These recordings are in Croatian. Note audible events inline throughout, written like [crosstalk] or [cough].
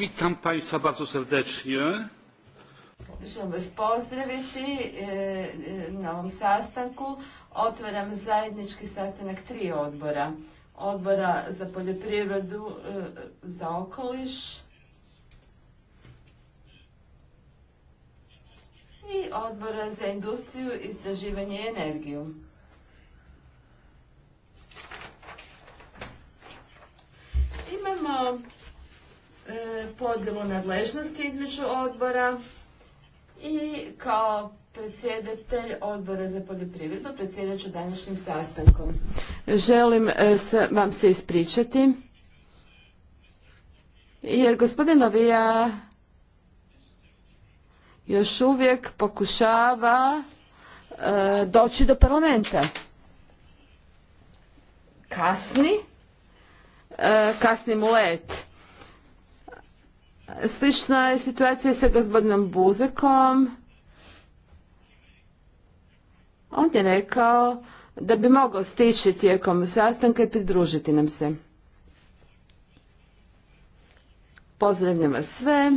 Witam Państwa bardzo serdecznie. vas pozdraviti e, e, na ovom sastanku. Otvaram zajednički sastanak tri odbora. Odbora za poljoprivredu, e, za okoliš i odbora za industriju, istraživanje i energiju. Imamo E, podjelu nadležnosti između odbora i kao predsjedatelj odbora za poljoprivredu predsjedat ću današnjim sastankom. Želim e, vam se ispričati jer gospodin Novija još uvijek pokušava e, doći do parlamenta. Kasni, kasni mu let. Slična je situacija sa gospodinom Buzekom. On je rekao da bi mogao stići tijekom sastanka i pridružiti nam se. Pozdravljam vas sve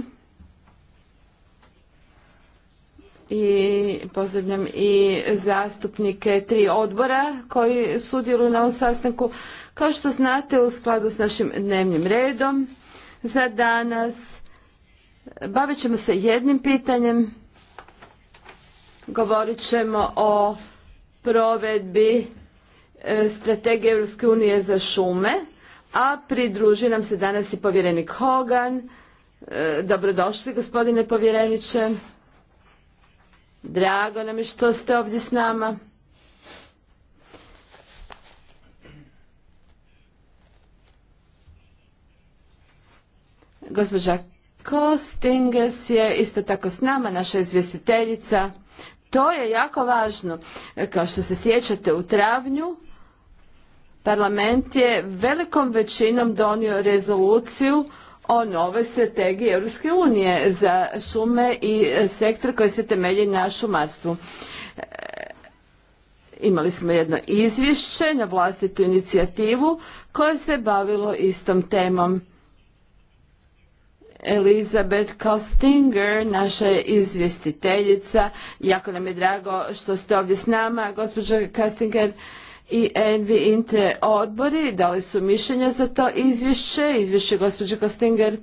i pozdravljam i zastupnike tri odbora koji sudjeluju na ovom sastanku. Kao što znate u skladu s našim dnevnim redom za danas Bavit ćemo se jednim pitanjem, govorit ćemo o provedbi e, strategije Europske unije za šume, a pridruži nam se danas i povjerenik Hogan. E, dobrodošli gospodine povjereniče. Drago nam je što ste ovdje s nama. Gospođa Kostinges je isto tako s nama, naša izvjestiteljica. To je jako važno. Kao što se sjećate u travnju, parlament je velikom većinom donio rezoluciju o novoj strategiji Europske unije za šume i sektor koji se temelji na šumarstvu. E, imali smo jedno izvješće na vlastitu inicijativu koje se bavilo istom temom. Elizabeth Kostinger, naša je izvjestiteljica. Jako nam je drago što ste ovdje s nama. Gospođa Kostinger i Envi Intre odbori dali su mišljenja za to izvješće. Izvješće gospođe Kostinger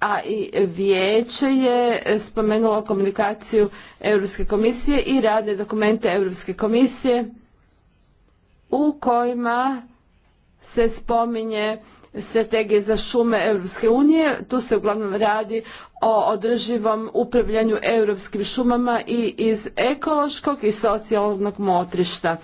a i vijeće je spomenulo komunikaciju Europske komisije i radne dokumente Europske komisije u kojima se spominje strategije za šume Europske unije. Tu se uglavnom radi o održivom upravljanju europskim šumama i iz ekološkog i socijalnog motrišta.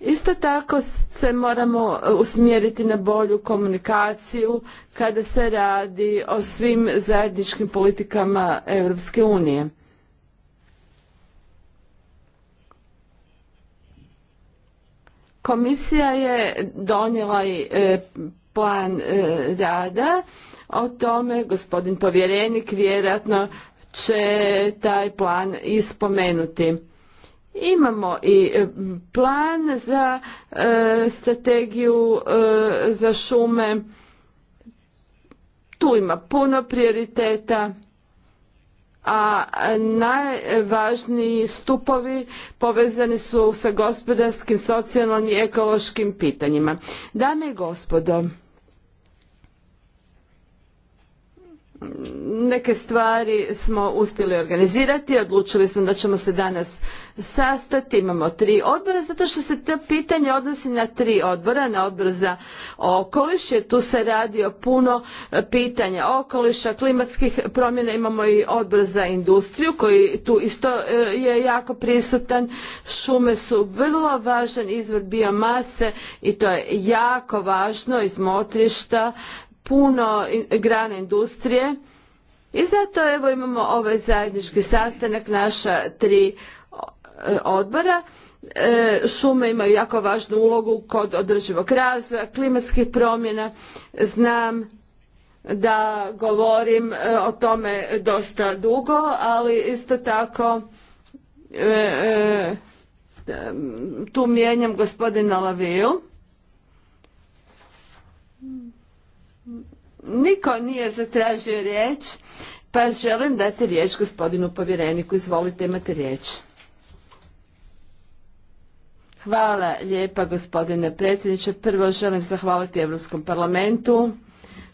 Isto tako se moramo e, usmjeriti na bolju komunikaciju kada se radi o svim zajedničkim politikama Europske unije. Komisija je donijela i e, plan e, rada. O tome gospodin povjerenik vjerojatno će taj plan ispomenuti. Imamo i e, plan za e, strategiju za šume. Tu ima puno prioriteta, a najvažniji stupovi povezani su sa gospodarskim, socijalnim i ekološkim pitanjima. Dame i gospodo, neke stvari smo uspjeli organizirati, odlučili smo da ćemo se danas sastati, imamo tri odbora, zato što se to pitanje odnosi na tri odbora, na odbor za okoliš, jer tu se radi o puno pitanja okoliša, klimatskih promjena, imamo i odbor za industriju koji tu isto e, je jako prisutan, šume su vrlo važan izvor biomase i to je jako važno iz motrišta puno grana industrije i zato evo imamo ovaj zajednički sastanak naša tri e, odbora. E, šume imaju jako važnu ulogu kod održivog razvoja, klimatskih promjena. Znam da govorim e, o tome dosta dugo, ali isto tako tu mijenjam gospodina Laviju. Niko nije zatražio riječ, pa želim dati riječ gospodinu povjereniku. Izvolite, imate riječ. Hvala lijepa gospodine predsjedniče. Prvo želim zahvaliti Europskom parlamentu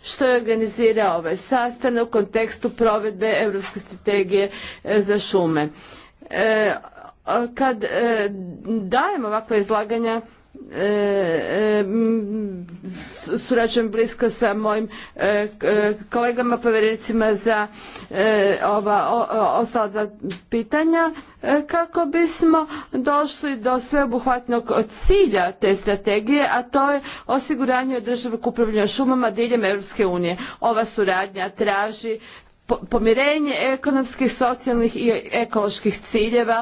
što je organizirao ovaj sastanak u kontekstu provedbe Europske strategije e, za šume. E, kad e, dajem ovakva izlaganja, E, e, surađujem blisko sa mojim e, kolegama povjerenicima za ova ostala dva pitanja kako bismo došli do sveobuhvatnog cilja te strategije, a to je osiguranje održivog upravljanja šumama diljem Europske unije. Ova suradnja traži Pomirenje ekonomskih, socijalnih i ekoloških ciljeva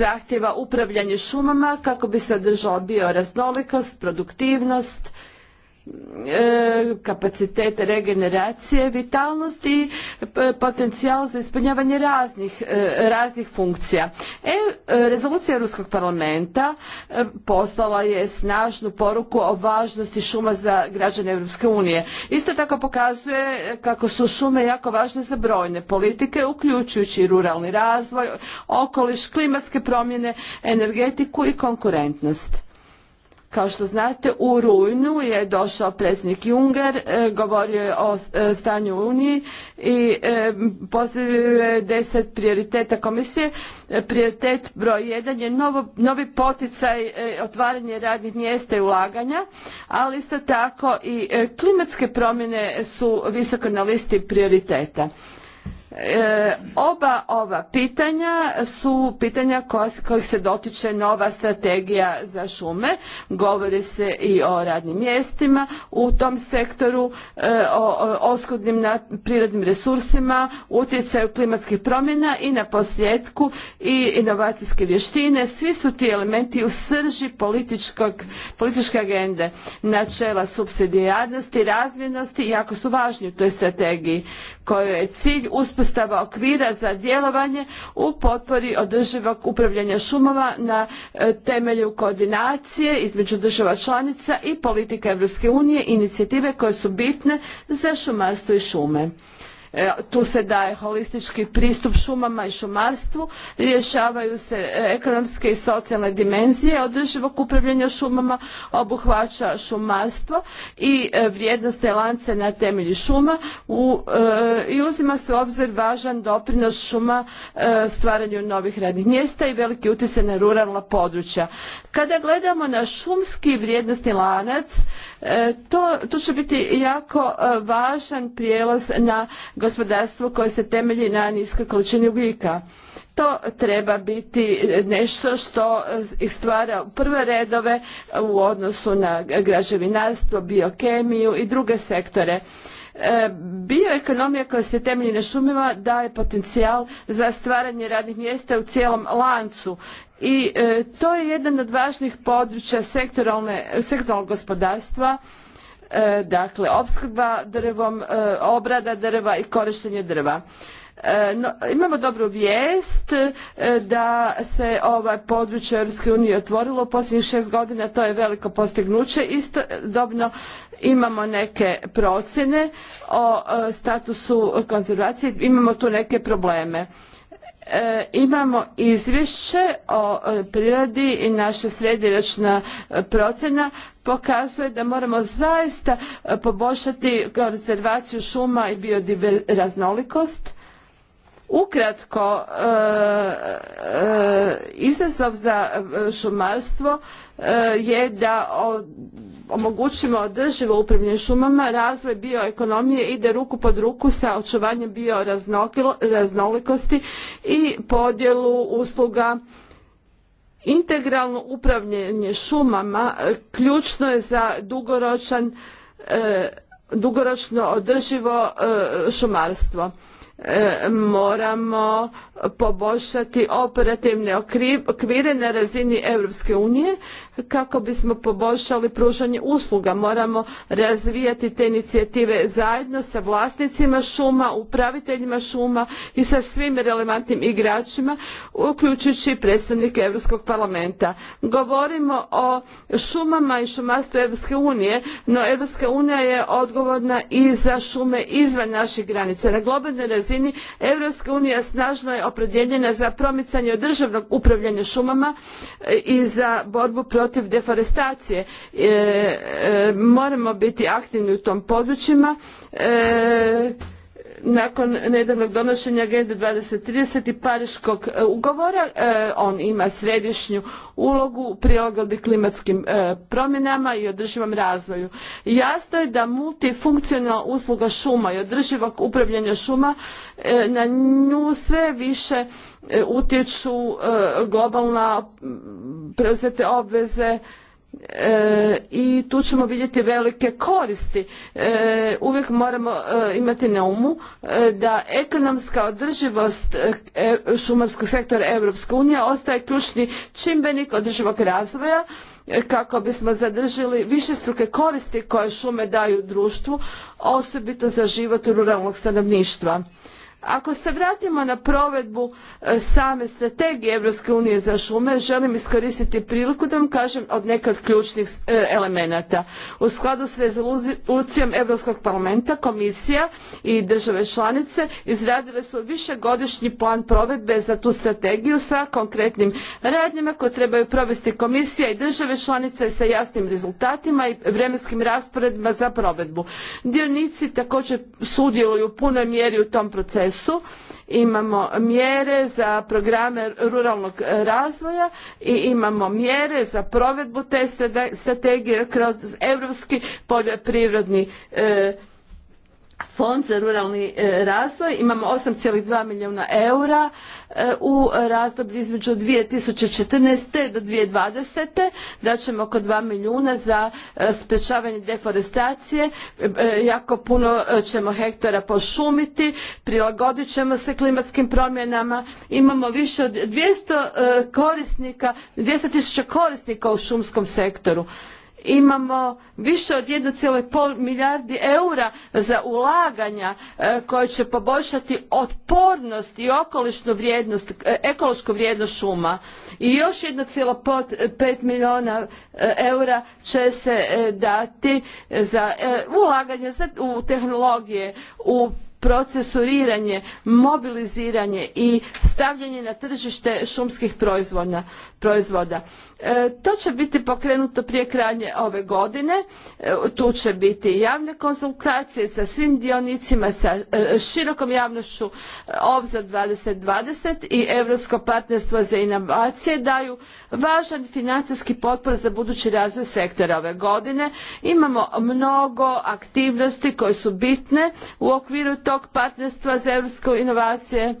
zahtjeva upravljanje šumama kako bi se održala bioraznolikost, produktivnost E, kapacitete regeneracije, vitalnosti, potencijal za ispunjavanje e, raznih, funkcija. E, rezolucija Ruskog parlamenta e, poslala je snažnu poruku o važnosti šuma za građane Europske unije. Isto tako pokazuje kako su šume jako važne za brojne politike, uključujući ruralni razvoj, okoliš, klimatske promjene, energetiku i konkurentnost. Kao što znate, u rujnu je došao predsjednik Junger, e, govorio je o e, stanju u Uniji i e, pozdravio je deset prioriteta komisije. Prioritet broj jedan je novi poticaj otvaranje radnih mjesta i ulaganja, ali isto tako i klimatske promjene su visoko na listi prioriteta. E, oba ova pitanja su pitanja kojih se dotiče nova strategija za šume. Govori se i o radnim mjestima u tom sektoru, e, o oskudnim prirodnim resursima, utjecaju klimatskih promjena i na posljedku i inovacijske vještine. Svi su ti elementi u srži političke agende. Načela subsidijarnosti, razmjernosti jako su važni u toj strategiji kojoj je cilj uspostava okvira za djelovanje u potpori održivog upravljanja šumama na e, temelju koordinacije između država članica i politika Europske unije inicijative koje su bitne za šumarstvo i šume. E, tu se daje holistički pristup šumama i šumarstvu, rješavaju se e, ekonomske i socijalne dimenzije održivog upravljanja šumama, obuhvaća šumarstvo i e, vrijednostne lance na temelji šuma i uzima se u obzir važan doprinos šuma stvaranju novih radnih mjesta i veliki utjecaj na ruralna područja. Kada gledamo na šumski vrijednostni lanac, E, to, će biti jako e, važan prijelaz na gospodarstvo koje se temelji na niskoj količini ugljika. To treba biti nešto što e, istvara stvara u prve redove u odnosu na građevinarstvo, biokemiju i druge sektore E, bioekonomija koja se temelji na šumima daje potencijal za stvaranje radnih mjesta u cijelom lancu i e, to je jedan od važnih područja sektoralnog gospodarstva e, dakle opskrba drvom obrada drva i korištenje drva E, no, imamo dobru vijest e, da se ovaj područje Europske unije otvorilo u posljednjih šest godina, to je veliko postignuće. dobno imamo neke procjene o e, statusu konzervacije, imamo tu neke probleme. Imamo izvješće o prirodi i naša srednjeročna procjena pokazuje da moramo zaista poboljšati konzervaciju šuma i bioraznolikost Ukratko, e, e, izazov za e, šumarstvo je da omogućimo održivo upravljanje šumama, razvoj bioekonomije ide ruku pod ruku sa očuvanjem bioraznolikosti i podjelu usluga integralno upravljanje šumama ključno je za dugoročno održivo šumarstvo. E, moramo poboljšati operativne okvire na razini Europske unije kako bismo poboljšali pružanje usluga. Moramo razvijati te inicijative zajedno sa vlasnicima šuma, upraviteljima šuma i sa svim relevantnim igračima, uključujući predstavnike Europskog parlamenta. Govorimo o šumama i šumarstvu Europske unije, no Europska unija je odgovorna i za šume izvan naših granica. Na globalnoj razini Europska unija snažno je opredjeljena za promicanje održavnog upravljanja šumama i za borbu protiv protiv deforestacije. E, e, moramo biti aktivni u tom područjima. E, nakon nedavnog donošenja Agende 2030 i Pariškog ugovora, on ima središnju ulogu u prilagodbi klimatskim promjenama i održivom razvoju. Jasno je da multifunkcionalna usluga šuma i održivog upravljanja šuma na nju sve više E, utječu e, globalna preuzete obveze e, i tu ćemo vidjeti velike koristi. uvijek moramo imati na umu da ekonomska održivost šumarskog sektora Europske unije ostaje ključni čimbenik održivog razvoja kako bismo zadržili višestruke koristi koje šume daju društvu, osobito za život ruralnog stanovništva. Ako se vratimo na provedbu e, same strategije Europske unije za šume, želim iskoristiti priliku da vam kažem od nekad ključnih e, elemenata. U skladu s rezolucijom Europskog parlamenta, komisija i države članice izradile su višegodišnji plan provedbe za tu strategiju sa konkretnim radnjama koje trebaju provesti komisija i države članice sa jasnim rezultatima i vremenskim rasporedima za provedbu. Dionici također sudjeluju u punoj mjeri u tom procesu procesu. Imamo mjere za programe ruralnog razvoja i imamo mjere za provedbu te strategije kroz europski poljoprivredni e, fond za ruralni e, razvoj. Imamo 8,2 milijuna eura e, u razdoblju između 2014. do 2020. ćemo oko 2 milijuna za e, sprečavanje deforestacije. Jako puno ćemo hektara pošumiti, prilagodit ćemo se klimatskim promjenama. Imamo više od 200 korisnika, 200 tisuća korisnika u šumskom sektoru imamo više od 1,5 milijardi eura za ulaganja e, koje će poboljšati otpornost i okolišnu vrijednost, e, ekološku vrijednost šuma. I još 1,5 milijuna e, eura će se dati za ulaganje u tehnologije, u procesuriranje, mobiliziranje i stavljanje na tržište šumskih proizvoda. E, to će biti pokrenuto prije krajnje ove godine. E, tu će biti javne konzultacije sa svim dionicima, sa e, širokom javnošću Obzor 2020 i Europsko partnerstvo za inovacije daju važan financijski potpor za budući razvoj sektora ove godine. Imamo mnogo aktivnosti koje su bitne u okviru tog partnerstva za europske inovacije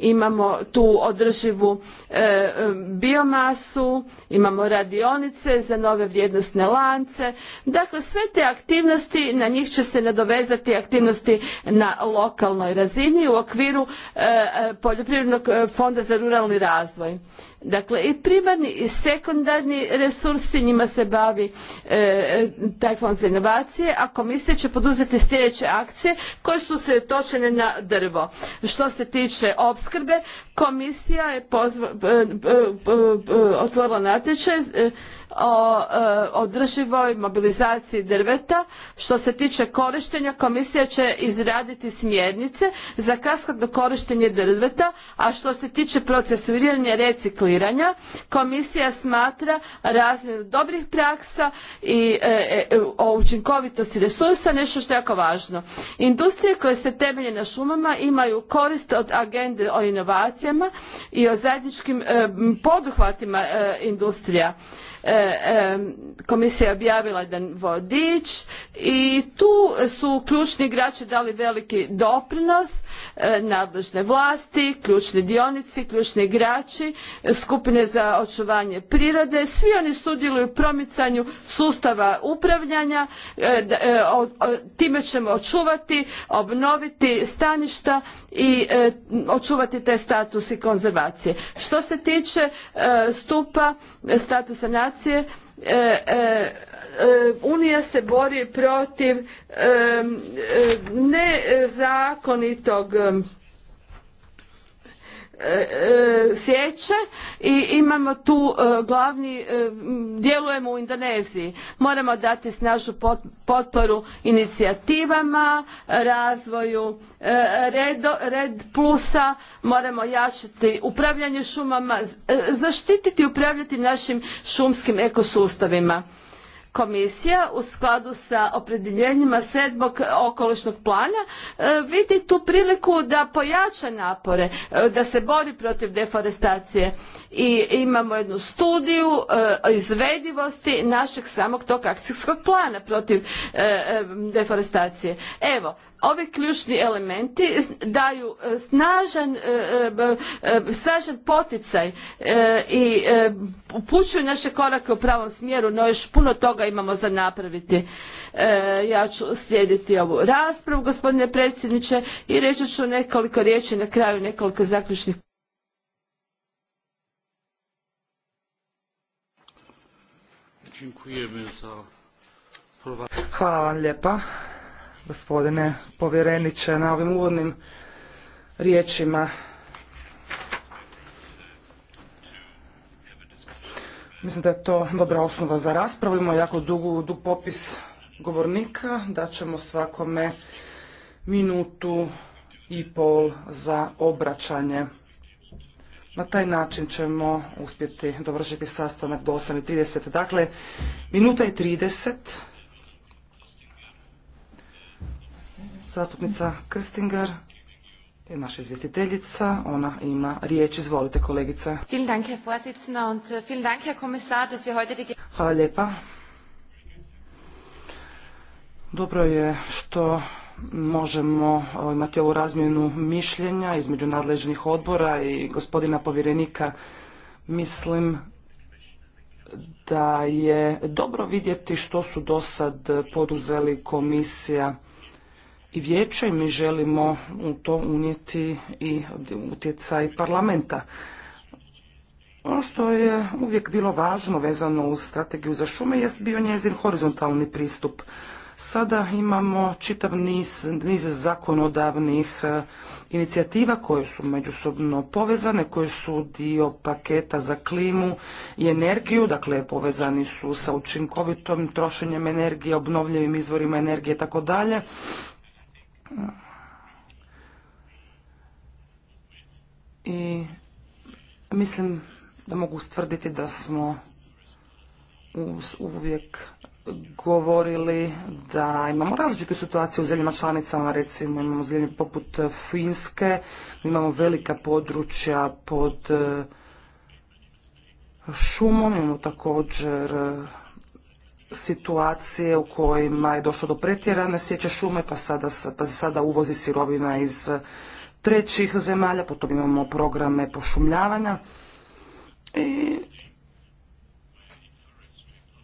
imamo tu održivu e, e, biomasu, imamo radionice za nove vrijednosne lance. Dakle, sve te aktivnosti, na njih će se nadovezati aktivnosti na lokalnoj razini u okviru e, Poljoprivrednog fonda za ruralni razvoj. Dakle, i primarni i sekundarni resursi, njima se bavi e, taj fond za inovacije, a komisija će poduzeti sljedeće akcije koje su se točene na drvo. Što se tiče opskrbe, komisija je pozva, e, e, e otvorila natječaj o e, održivoj mobilizaciji drveta. Što se tiče korištenja, komisija će izraditi smjernice za do korištenje drveta, a što se tiče procesuiranja recikliranja, komisija smatra razmjenu dobrih praksa i e, e, o učinkovitosti resursa nešto što je jako važno. Industrije koje se temelje na šumama imaju korist od agende o inovacijama i o zajedničkim poduhvatima industrija. E, e, komisija objavila jedan vodič i tu su ključni igrači dali veliki doprinos e, nadležne vlasti, ključni dionici, ključni igrači, skupine za očuvanje prirode. Svi oni sudjeluju u promicanju sustava upravljanja. Time ćemo očuvati, obnoviti staništa i očuvati te status i konzervacije. Što se tiče stupa statusa E, e, e, Unija se bori protiv e, nezakonitog E, e, sječe i imamo tu e, glavni, djelujemo u Indoneziji. Moramo dati snažnu potporu inicijativama, razvoju red, plusa, moramo jačati upravljanje šumama, zaštititi i upravljati našim šumskim ekosustavima. Komisija u skladu sa opredjeljenjima sedmog okolišnog plana e, vidi tu priliku da pojača napore, e, da se bori protiv deforestacije i imamo jednu studiju e, izvedivosti našeg samog tog akcijskog plana protiv deforestacije. Evo, ovi ključni elementi daju e, snažan, e, e, snažan poticaj i upućuju naše korake u pravom smjeru, no još puno toga imamo za napraviti. Ja ću slijediti ovu raspravu, gospodine predsjedniče, i reći ću nekoliko riječi na kraju, nekoliko zaključnih Hvala vam lijepa gospodine povjereniče na ovim uvodnim riječima. Mislim da je to dobra osnova za raspravu. Imamo jako dugu, dug popis govornika. ćemo svakome minutu i pol za obraćanje. Na taj način ćemo uspjeti dovršiti sastanak do 8.30. Dakle, minuta i 30 Zastupnica Krstinger je naša izvjestiteljica. Ona ima riječ. Izvolite, kolegice. Hvala lijepa. Dobro je što možemo imati ovu razmjenu mišljenja između nadležnih odbora i gospodina povjerenika. Mislim da je dobro vidjeti što su do sad poduzeli komisija i vijeće i mi želimo u to unijeti i utjecaj parlamenta. Ono što je uvijek bilo važno vezano uz strategiju za šume jest bio njezin horizontalni pristup. Sada imamo čitav niz, niz zakonodavnih e, inicijativa koje su međusobno povezane, koje su dio paketa za klimu i energiju, dakle povezani su sa učinkovitom trošenjem energije, obnovljivim izvorima energije i tako dalje. I mislim da mogu ustvrditi da smo uvijek govorili da imamo različite situacije u zemljama članicama, recimo imamo zemlje poput Finske, imamo velika područja pod eh, šumom, imamo također situacije u kojima je došlo do pretjerane sjeće šume, pa, sada, pa se sada uvozi sirovina iz trećih zemalja, potom imamo programe pošumljavanja. I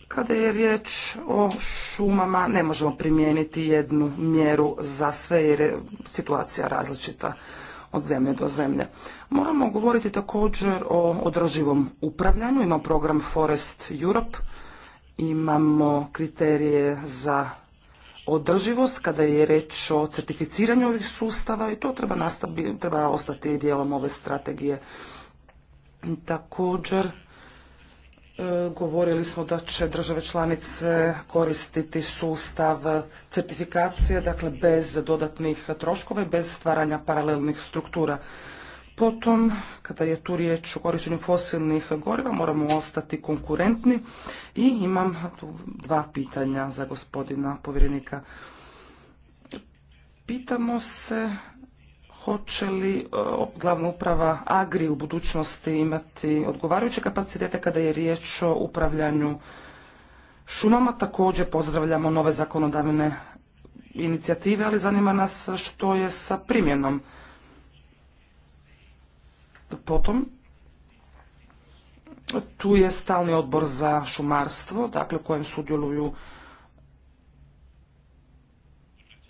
kada je riječ o šumama, ne možemo primijeniti jednu mjeru za sve jer je situacija različita od zemlje do zemlje. Moramo govoriti također o održivom upravljanju. Ima program Forest Europe imamo kriterije za održivost kada je reč o certificiranju ovih sustava i to treba, nastavi, treba ostati dijelom ove strategije. Također, e, govorili smo da će države članice koristiti sustav certifikacije, dakle bez dodatnih troškova i bez stvaranja paralelnih struktura. Potom, kada je tu riječ o korištenju fosilnih goriva, moramo ostati konkurentni i imam tu dva pitanja za gospodina povjerenika. Pitamo se hoće li e, glavna uprava Agri u budućnosti imati odgovarajuće kapacitete kada je riječ o upravljanju šumama. Također pozdravljamo nove zakonodavne inicijative, ali zanima nas što je sa primjenom Potom, tu je stalni odbor za šumarstvo, dakle u kojem sudjeluju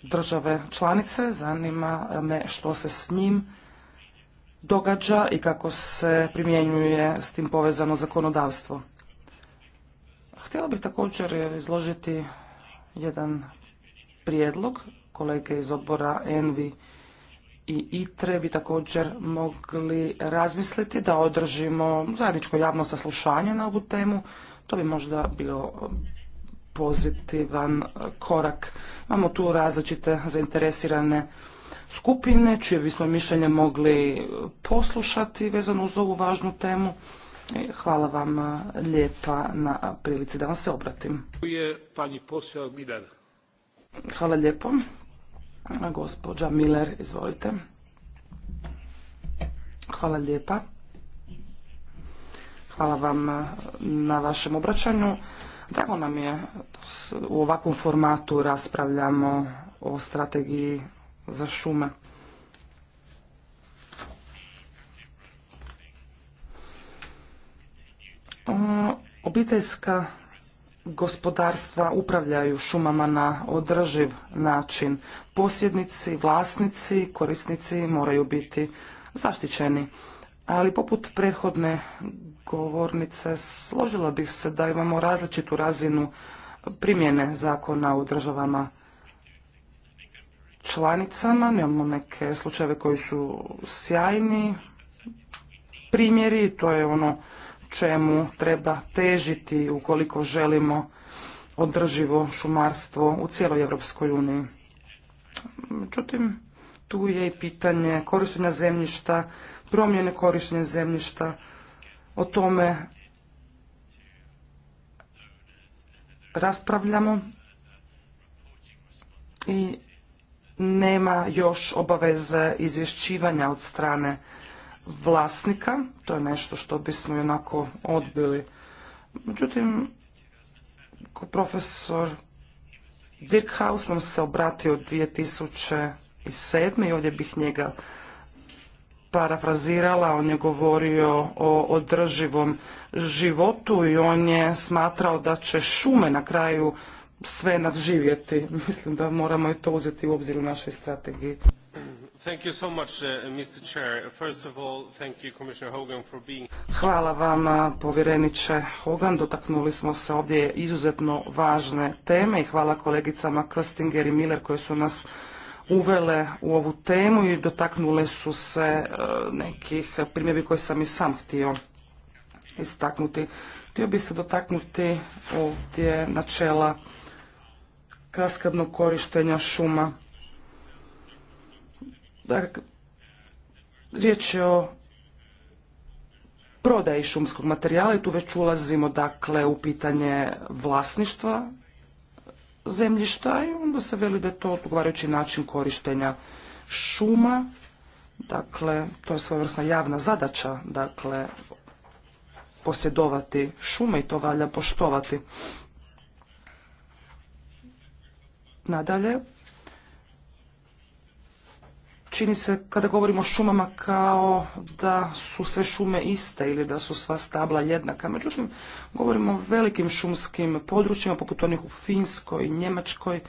države članice. Zanima me što se s njim događa i kako se primjenjuje s tim povezano zakonodavstvo. Htjela bih također izložiti jedan prijedlog kolege iz odbora Envi i ITRE bi također mogli razmisliti da održimo zajedničko javno saslušanje na ovu temu. To bi možda bio pozitivan e, korak. Imamo tu različite zainteresirane skupine čije bismo mišljenje mogli e, poslušati vezano uz ovu važnu temu. E, hvala vam lijepa na prilici da vam se obratim. Hvala lijepo. Gospođa Miller, izvolite. Hvala lijepa. Hvala vam eh, na vašem obraćanju. Drago nam je u ovakvom formatu raspravljamo o strategiji za šume. Obiteljska gospodarstva upravljaju šumama na održiv način. Posjednici, vlasnici, korisnici moraju biti zaštićeni. Ali poput prethodne govornice složila bih se da imamo različitu razinu primjene zakona u državama članicama. Imamo neke slučajeve koji su sjajni primjeri, to je ono čemu treba težiti ukoliko želimo održivo šumarstvo u cijeloj Europskoj uniji. Međutim, tu je i pitanje korištenja zemljišta, promjene korištenja zemljišta, o tome raspravljamo i nema još obaveze izvješćivanja od strane vlasnika, to je nešto što bismo i onako odbili. Međutim, profesor Dirkhaus nam se obratio 2007. i ovdje bih njega parafrazirala, on je govorio o održivom životu i on je smatrao da će šume na kraju sve nadživjeti. [laughs] Mislim da moramo i to uzeti u obzir u našoj strategiji. Hvala vam, uh, povjereniče Hogan. Dotaknuli smo se ovdje izuzetno važne teme i hvala kolegicama Köstinger i Miller koje su nas uvele u ovu temu i dotaknule su se uh, nekih primjeri koje sam i sam htio istaknuti. Htio bi se dotaknuti ovdje načela kaskadnog korištenja šuma. Dakle, riječ je o prodaji šumskog materijala i tu već ulazimo dakle u pitanje vlasništva zemljišta i onda se veli da je to odgovarajući način korištenja šuma. Dakle, to je svojevrsna javna zadaća, dakle, posjedovati šume i to valja poštovati. Nadalje, čini se kada govorimo o šumama kao da su sve šume iste ili da su sva stabla jednaka. Međutim, govorimo o velikim šumskim područjima poput onih u Finskoj Njemačkoj.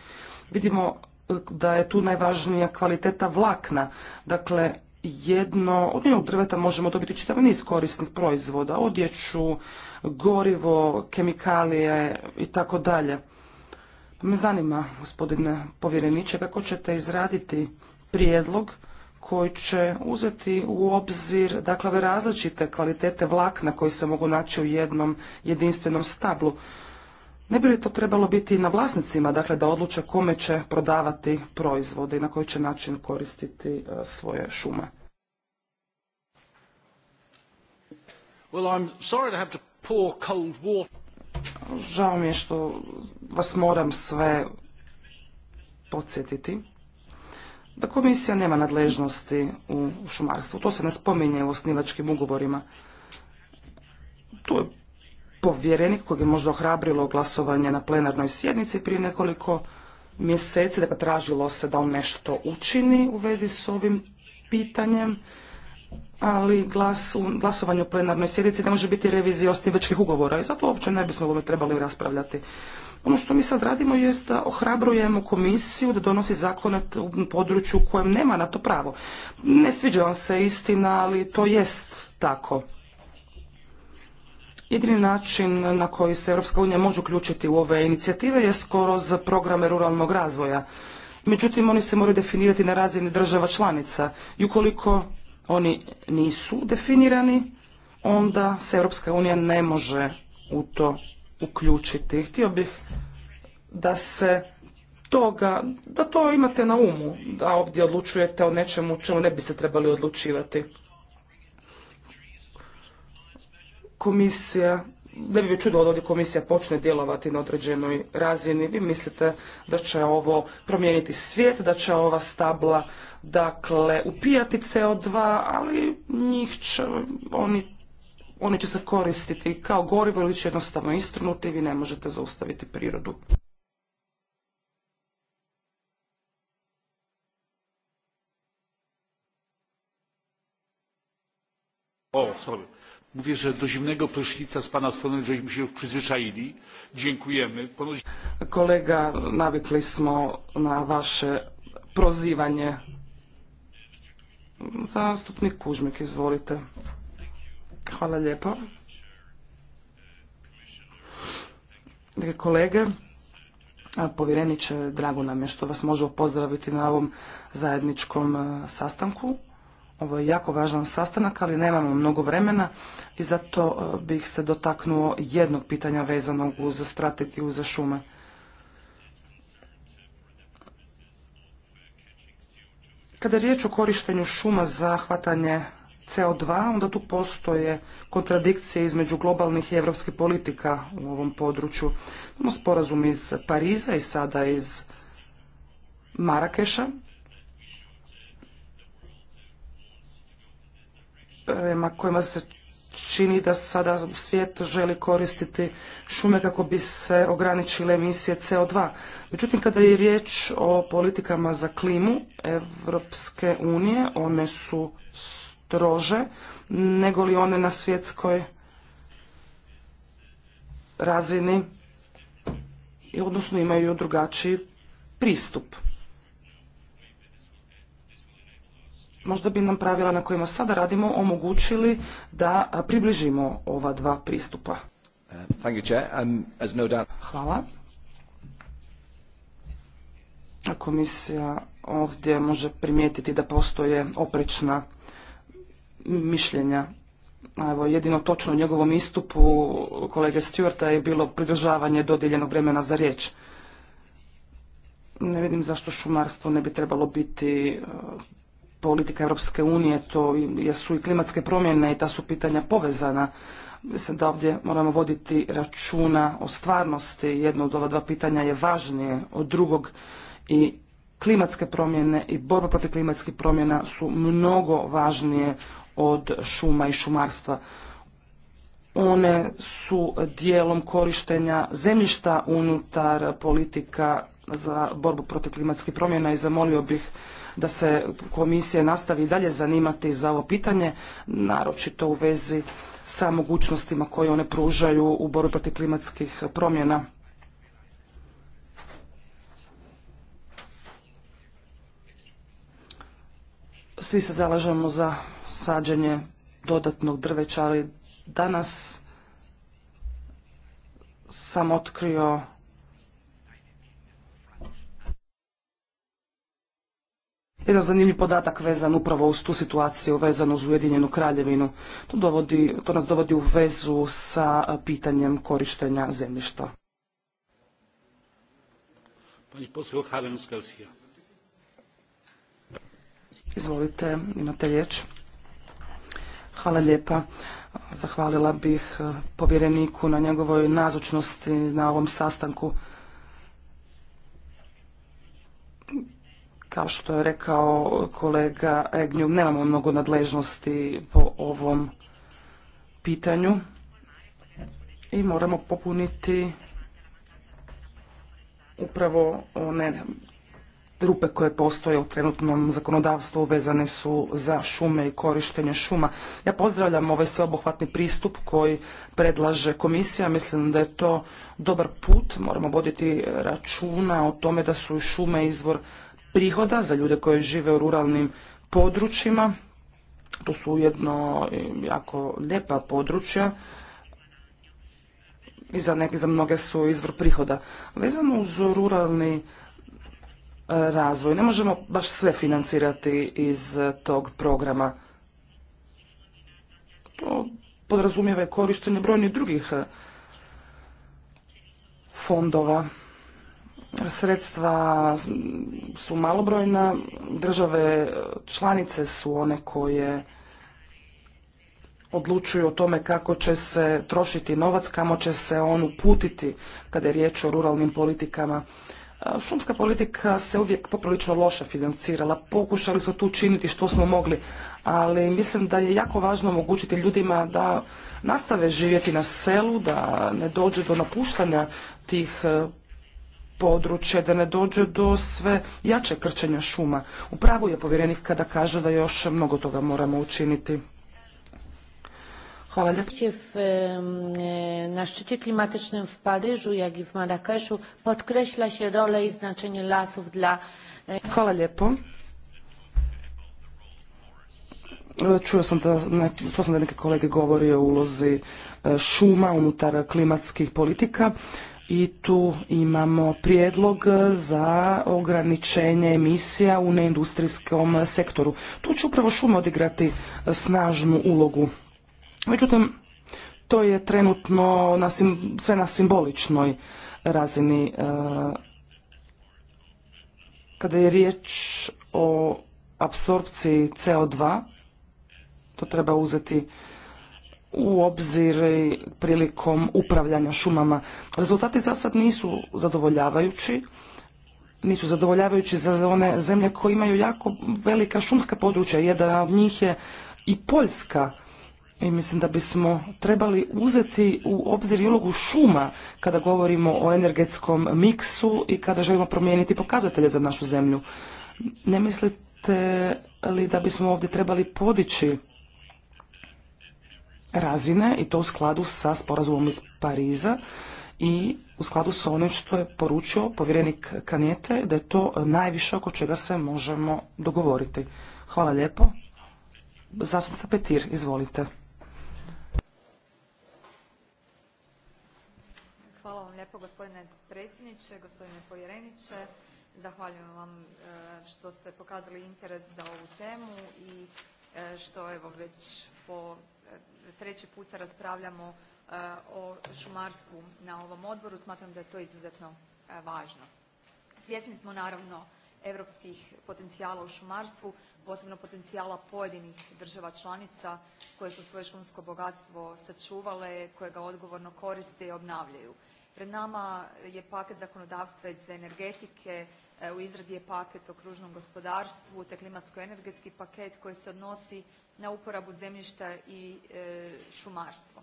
Vidimo e, da je tu najvažnija kvaliteta vlakna. Dakle, jedno, od njenog drveta možemo dobiti čitav niz korisnih proizvoda, odjeću, gorivo, kemikalije i tako dalje. Pa me zanima, gospodine povjereniče, kako ćete izraditi prijedlog koji će uzeti u obzir dakle različite kvalitete vlakna koji se mogu naći u jednom jedinstvenom stablu. Ne bi li to trebalo biti na vlasnicima, dakle da odluče kome će prodavati proizvode i na koji će način koristiti e, svoje šume? Žao mi je što vas moram sve podsjetiti da komisija nema nadležnosti u šumarstvu. To se ne spominje u osnivačkim ugovorima. Tu je povjerenik koji je možda ohrabrilo glasovanje na plenarnoj sjednici prije nekoliko mjeseci, dakle tražilo se da on nešto učini u vezi s ovim pitanjem, ali glas, glasovanje u plenarnoj sjednici ne može biti revizija osnivačkih ugovora i zato uopće ne bismo o ovome trebali raspravljati. Ono što mi sad radimo jest da ohrabrujemo komisiju da donosi zakone u području u kojem nema na to pravo. Ne sviđa vam se istina, ali to jest tako. Jedini način na koji se EU može uključiti u ove inicijative jest za programe ruralnog razvoja. Međutim, oni se moraju definirati na razini država članica i ukoliko oni nisu definirani, onda se EU ne može u to uključiti. Htio bih da se toga, da to imate na umu, da ovdje odlučujete o nečemu čemu ne bi se trebali odlučivati. Komisija, ne bi čudo da ovdje komisija počne djelovati na određenoj razini. Vi mislite da će ovo promijeniti svijet, da će ova stabla dakle upijati CO2, ali njih će, oni oni će se koristiti kao gorivo ili će jednostavno istrnuti i vi ne možete zaustaviti prirodu. O, sorry. Mówię, że do zimnego prysznica z Pana strony żeśmy się przyzwyczaili. Dziękujemy. Ponoć... Kolega, nawykli smo na Wasze prozivanje. Zastupnik Kuźmyk, izvolite. Hvala lijepo. Dakle, kolege, povjereniče, drago nam je što vas možemo pozdraviti na ovom zajedničkom sastanku. Ovo je jako važan sastanak, ali nemamo mnogo vremena i zato bih se dotaknuo jednog pitanja vezanog uz strategiju za šume. Kada je riječ o korištenju šuma za hvatanje CO2, onda tu postoje kontradikcije između globalnih i evropskih politika u ovom području. Imamo sporazum iz Pariza i sada iz Marakeša. Prema kojima se čini da sada svijet želi koristiti šume kako bi se ograničile emisije CO2. Međutim, kada je riječ o politikama za klimu Evropske unije, one su strože nego li one na svjetskoj razini i odnosno imaju drugačiji pristup. Možda bi nam pravila na kojima sada radimo omogućili da približimo ova dva pristupa. Um, Hvala. Komisija ovdje može primijetiti da postoje oprečna mišljenja. Evo, jedino točno u njegovom istupu kolege Stewarta je bilo pridržavanje dodijeljenog vremena za riječ. Ne vidim zašto šumarstvo ne bi trebalo biti e, politika Europske unije, to jesu i klimatske promjene i ta su pitanja povezana. Mislim da ovdje moramo voditi računa o stvarnosti. Jedno od ova dva pitanja je važnije od drugog i klimatske promjene i borba protiv klimatskih promjena su mnogo važnije od šuma i šumarstva. One su dijelom korištenja zemljišta unutar politika za borbu protiv klimatskih promjena i zamolio bih da se komisije nastavi dalje zanimati za ovo pitanje, naročito u vezi sa mogućnostima koje one pružaju u borbi protiv klimatskih promjena. Svi se zalažemo za sađenje dodatnog drveća, ali danas sam otkrio jedan zanimljiv podatak vezan upravo uz tu situaciju, vezano uz Ujedinjenu kraljevinu. To, to nas dovodi u vezu sa pitanjem korištenja zemljišta. Izvolite, imate riječ. Hvala lijepa. Zahvalila bih e, povjereniku na njegovoj nazočnosti na ovom sastanku. Kao što je rekao kolega Egnju, nemamo mnogo nadležnosti po ovom pitanju i moramo popuniti upravo one rupe koje postoje u trenutnom zakonodavstvu vezane su za šume i korištenje šuma. Ja pozdravljam ovaj sveobuhvatni pristup koji predlaže komisija. Mislim da je to dobar put. Moramo voditi računa o tome da su šume izvor prihoda za ljude koji žive u ruralnim područjima. To su jedno e, jako lijepa područja i za, neke, za mnoge su izvor prihoda. Vezano uz ruralni razvoj. Ne možemo baš sve financirati iz e, tog programa. To podrazumijeva je korištenje brojnih drugih e, fondova. Sredstva su malobrojna, države e, članice su one koje odlučuju o tome kako će se trošiti novac, kamo će se on uputiti kada je riječ o ruralnim politikama. Šumska politika se uvijek poprilično loše financirala. Pokušali su tu učiniti što smo mogli, ali mislim da je jako važno omogućiti ljudima da nastave živjeti na selu, da ne dođe do napuštanja tih e, područja, da ne dođe do sve jače krčenja šuma. U pravu je povjerenik kada kaže da još mnogo toga moramo učiniti. Na szczycie klimatycznym w Paryżu, jak i w Marrakeszu podkreśla się rolę i znaczenie lasów dla... E, Hvala lijepo. E, čuo sam da, sam da neke kolege govori o ulozi e, šuma unutar klimatskih politika i tu imamo prijedlog za ograničenje emisija u neindustrijskom sektoru. Tu će upravo šuma odigrati snažnu ulogu. Međutim, to je trenutno na sve na simboličnoj razini. E, kada je riječ o apsorpciji CO2, to treba uzeti u obzir prilikom upravljanja šumama. Rezultati za sad nisu zadovoljavajući, nisu zadovoljavajući za one zemlje koje imaju jako velika šumska područja, jedna od njih je i Poljska i mislim da bismo trebali uzeti u obzir i ulogu šuma kada govorimo o energetskom miksu i kada želimo promijeniti pokazatelje za našu zemlju. Ne mislite li da bismo ovdje trebali podići razine i to u skladu sa sporazumom iz Pariza i u skladu sa onim što je poručio povjerenik Kanijete da je to najviše oko čega se možemo dogovoriti. Hvala lijepo. Zastupnica Petir, izvolite. gospodine predsjedniče, gospodine povjereniče. Zahvaljujem vam e, što ste pokazali interes za ovu temu i e, što evo već po e, treći puta raspravljamo o šumarstvu na ovom odboru. Smatram da je to izuzetno važno. Svjesni smo naravno europskih potencijala u šumarstvu, posebno potencijala pojedinih država članica koje su svoje šumsko bogatstvo sačuvale, koje ga odgovorno koriste i obnavljaju. Pred nama je paket zakonodavstva iz energetike, e, u izradi je paket o kružnom gospodarstvu te klimatsko-energetski paket koji se odnosi na uporabu zemljišta i e, šumarstvo.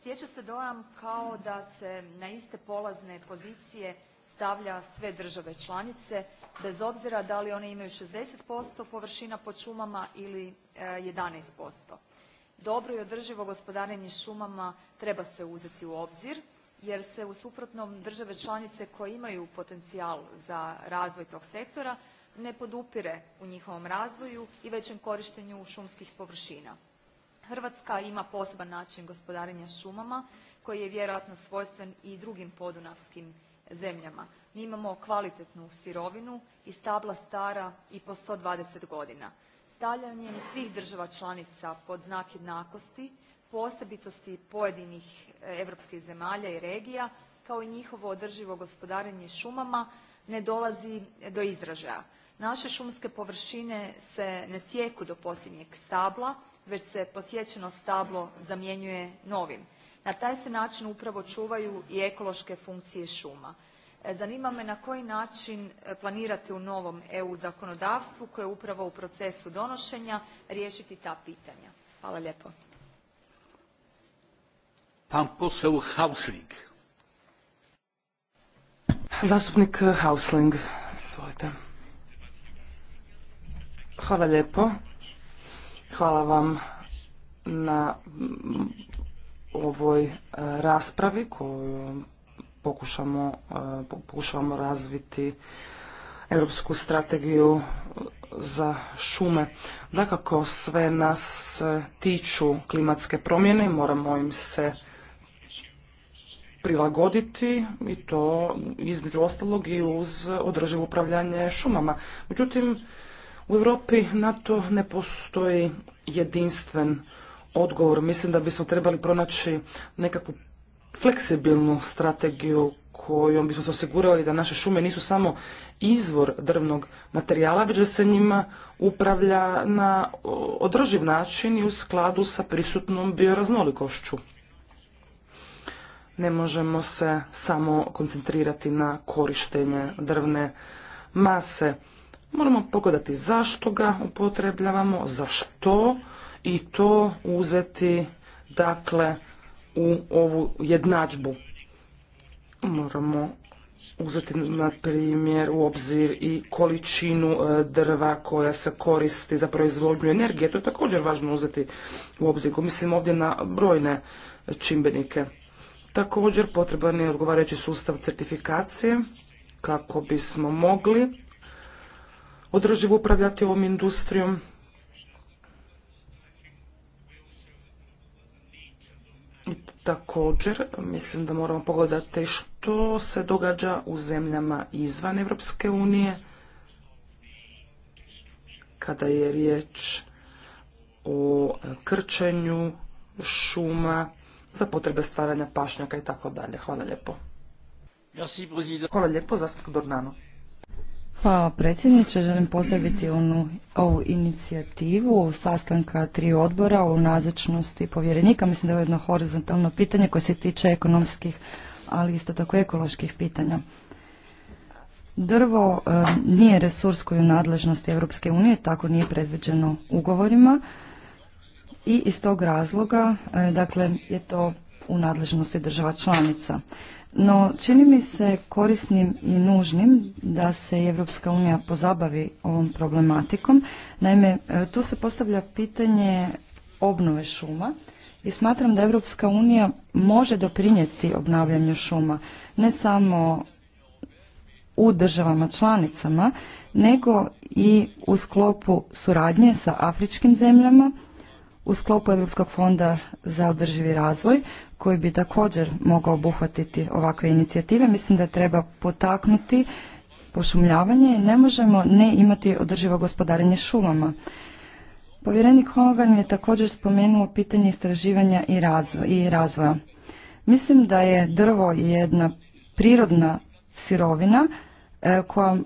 Stječe se dojam kao da se na iste polazne pozicije stavlja sve države članice bez obzira da li one imaju 60% površina pod šumama ili 11%. E, Dobro i održivo gospodarenje šumama treba se uzeti u obzir jer se u suprotnom države članice koje imaju potencijal za razvoj tog sektora ne podupire u njihovom razvoju i većem korištenju šumskih površina. Hrvatska ima poseban način gospodarenja šumama koji je vjerojatno svojstven i drugim podunavskim zemljama. Mi imamo kvalitetnu sirovinu i stabla stara i po 120 godina. Stavljanjem svih država članica pod znak jednakosti posebitosti pojedinih europskih zemalja i regija kao i njihovo održivo gospodarenje šumama ne dolazi do izražaja. Naše šumske površine se ne sjeku do posljednjeg stabla već se posjećeno stablo zamjenjuje novim. Na taj se način upravo čuvaju i ekološke funkcije šuma. E, zanima me na koji način e, planirate u novom EU zakonodavstvu koje je upravo u procesu donošenja riješiti ta pitanja. Hvala lijepo. Hausling. Zastupnik Hausling, Hvala lijepo. Hvala vam na ovoj e, raspravi koju pokušamo, e, pokušavamo razviti europsku strategiju za šume. Dakako sve nas e, tiču klimatske promjene i moramo im se prilagoditi i to između ostalog i uz održivo upravljanje šumama. Međutim, u Europi na to ne postoji jedinstven odgovor. Mislim da bismo trebali pronaći nekakvu fleksibilnu strategiju kojom bismo se osigurali da naše šume nisu samo izvor drvnog materijala, već da se njima upravlja na održiv način i u skladu sa prisutnom bioraznolikošću. Ne možemo se samo koncentrirati na korištenje drvne mase. Moramo pogledati zašto ga upotrebljavamo, za što i to uzeti dakle u ovu jednadžbu. Moramo uzeti na primjer u obzir i količinu e, drva koja se koristi za proizvodnju energije. To je također važno uzeti u obzir. Mislim ovdje na brojne čimbenike. Također potreban je odgovarajući sustav certifikacije kako bismo mogli održivo upravljati ovom industrijom. također mislim da moramo pogledati što se događa u zemljama izvan Europske unije kada je riječ o krčenju šuma za potrebe stvaranja pašnjaka i tako dalje. Hvala lijepo. Hvala lijepo, zastupnik Dornano. Hvala predsjedniče. Želim pozdraviti ovu inicijativu sastanka tri odbora u nazočnosti povjerenika. Mislim da je jedno horizontalno pitanje koje se tiče ekonomskih, ali isto tako ekoloških pitanja. Drvo eh, nije resurs koji u nadležnosti Europske unije, tako nije predviđeno ugovorima i iz tog razloga e, dakle je to u nadležnosti država članica. No čini mi se korisnim i nužnim da se europska unija pozabavi ovom problematikom. Naime, e, tu se postavlja pitanje obnove šuma i smatram da europska unija može doprinijeti obnavljanju šuma ne samo u državama članicama, nego i u sklopu suradnje sa afričkim zemljama, u sklopu Europskog fonda za održivi razvoj koji bi također mogao obuhvatiti ovakve inicijative. Mislim da treba potaknuti pošumljavanje i ne možemo ne imati održivo gospodarenje šumama. Povjerenik Hogan je također spomenuo pitanje istraživanja i, i razvoja. Mislim da je drvo jedna prirodna sirovina e, koja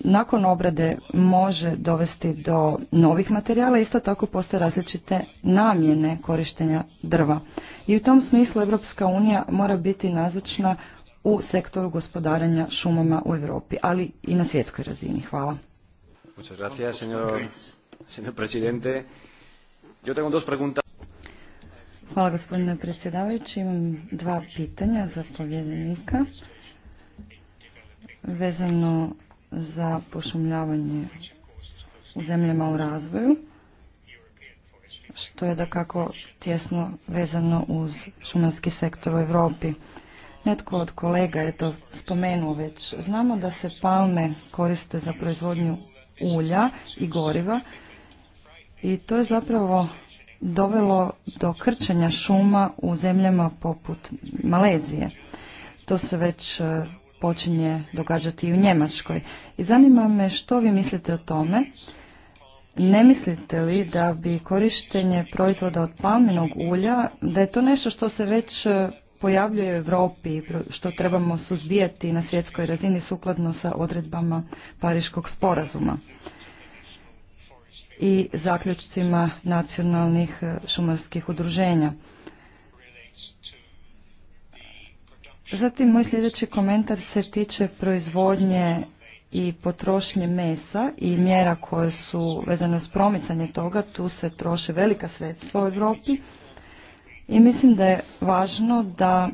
nakon obrade može dovesti do novih materijala, isto tako postoje različite namjene korištenja drva. I u tom smislu Europska unija mora biti nazočna u sektoru gospodaranja šumama u Europi, ali i na svjetskoj razini. Hvala. Hvala gospodine predsjedavajući. Imam dva pitanja za povjerenika vezano za pošumljavanje u zemljama u razvoju, što je da kako tjesno vezano uz šumarski sektor u Europi. Netko od kolega je to spomenuo već. Znamo da se palme koriste za proizvodnju ulja i goriva i to je zapravo dovelo do krčenja šuma u zemljama poput Malezije. To se već počinje događati i u Njemačkoj. I zanima me što vi mislite o tome. Ne mislite li da bi korištenje proizvoda od palminog ulja, da je to nešto što se već e, pojavljuje u Europi, što trebamo suzbijati na svjetskoj razini sukladno sa odredbama Pariškog sporazuma i zaključcima nacionalnih e, šumarskih udruženja? Zatim moj sljedeći komentar se tiče proizvodnje i potrošnje mesa i mjera koje su vezane uz promicanje toga, tu se troše velika sredstva u Europi i mislim da je važno da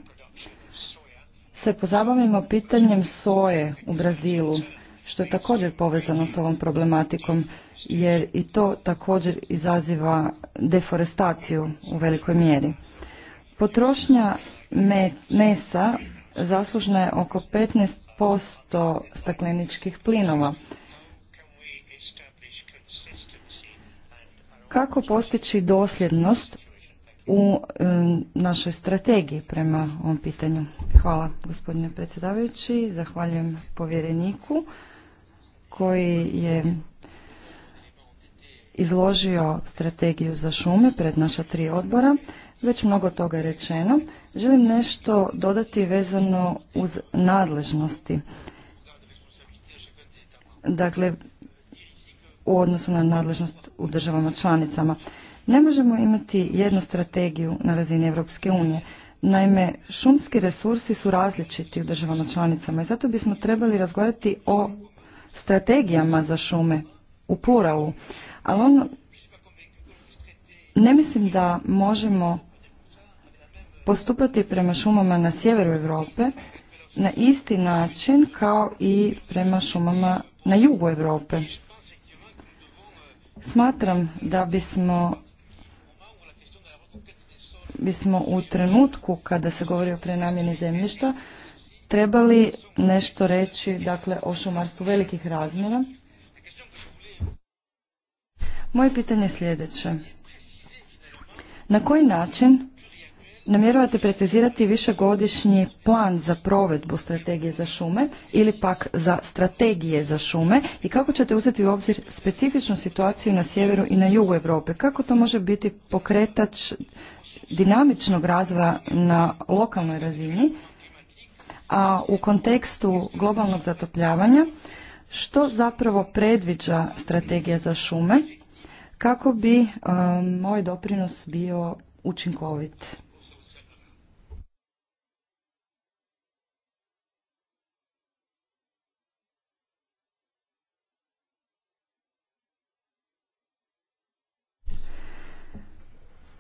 se pozabavimo pitanjem soje u Brazilu, što je također povezano s ovom problematikom, jer i to također izaziva deforestaciju u velikoj mjeri. Potrošnja mesa zaslužna je oko 15% stakleničkih plinova. Kako postići dosljednost u e, našoj strategiji prema ovom pitanju? Hvala gospodine predsjedavajući, zahvaljujem povjereniku koji je izložio strategiju za šume pred naša tri odbora. Već mnogo toga je rečeno. Želim nešto dodati vezano uz nadležnosti. Dakle, u odnosu na nadležnost u državama članicama. Ne možemo imati jednu strategiju na razini Europske unije. Naime, šumski resursi su različiti u državama članicama i zato bismo trebali razgovarati o strategijama za šume u pluralu. Ali ono, ne mislim da možemo postupati prema šumama na sjeveru Europe na isti način kao i prema šumama na jugu Europe. Smatram da bismo bismo u trenutku kada se govori o prenamjeni zemljišta trebali nešto reći dakle o šumarstvu velikih razmjera. Moje pitanje je sljedeće. Na koji način namjeravate precizirati višegodišnji plan za provedbu strategije za šume ili pak za strategije za šume i kako ćete uzeti u obzir specifičnu situaciju na sjeveru i na jugu Europe? Kako to može biti pokretač dinamičnog razvoja na lokalnoj razini, a u kontekstu globalnog zatopljavanja, što zapravo predviđa strategija za šume kako bi um, moj doprinos bio učinkovit.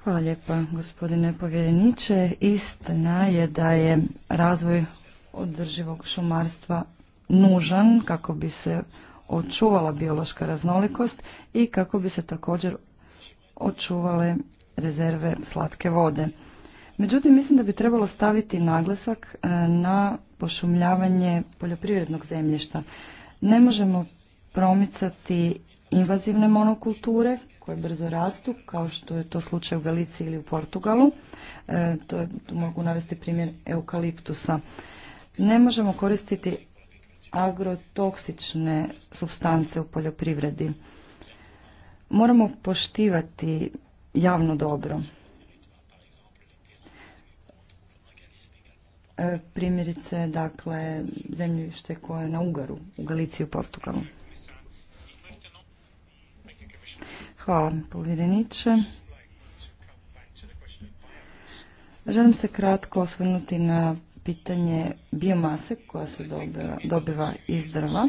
Hvala lijepa gospodine povjereniče. Istina je da je razvoj održivog šumarstva nužan kako bi se očuvala biološka raznolikost i kako bi se također očuvale rezerve slatke vode. Međutim, mislim da bi trebalo staviti naglasak e, na pošumljavanje poljoprivrednog zemljišta. Ne možemo promicati invazivne monokulture koje brzo rastu, kao što je to slučaj u Galiciji ili u Portugalu. E, to tu mogu navesti primjer eukaliptusa. Ne možemo koristiti agrotoksične substance u poljoprivredi. Moramo poštivati javno dobro. E, primjerice dakle zemljište koje je na Ugaru, u Galiciji u Portugalu. Hvala, povjereniče. Želim se kratko osvrnuti na pitanje biomase koja se dobiva, dobiva iz drva.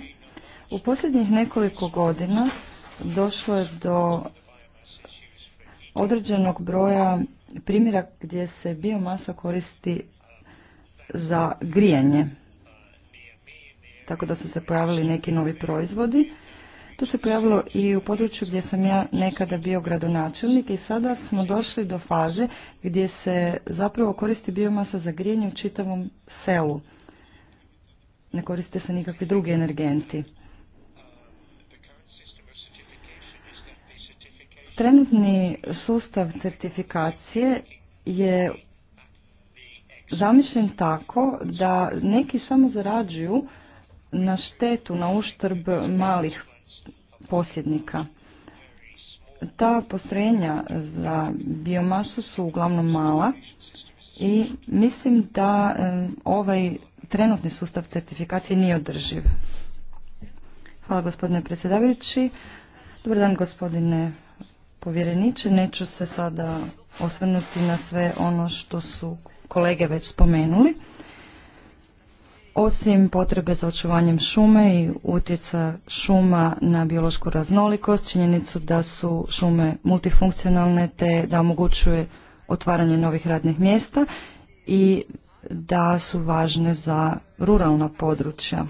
U posljednjih nekoliko godina došlo je do određenog broja primjera gdje se biomasa koristi za grijanje. Tako da su se pojavili neki novi proizvodi to se pojavilo i u području gdje sam ja nekada bio gradonačelnik i sada smo došli do faze gdje se zapravo koristi biomasa za grijanje u čitavom selu. Ne koriste se nikakvi drugi energenti. Trenutni sustav certifikacije je zamišljen tako da neki samo zarađuju na štetu, na uštrb malih posjednika. Ta postrojenja za biomasu su uglavnom mala i mislim da e, ovaj trenutni sustav certifikacije nije održiv. Hvala gospodine predsjedavajući. Dobar dan gospodine povjereniče. Neću se sada osvrnuti na sve ono što su kolege već spomenuli. Osim potrebe za očuvanjem šume i utjeca šuma na biološku raznolikost, činjenicu da su šume multifunkcionalne te da omogućuje otvaranje novih radnih mjesta i da su važne za ruralna područja.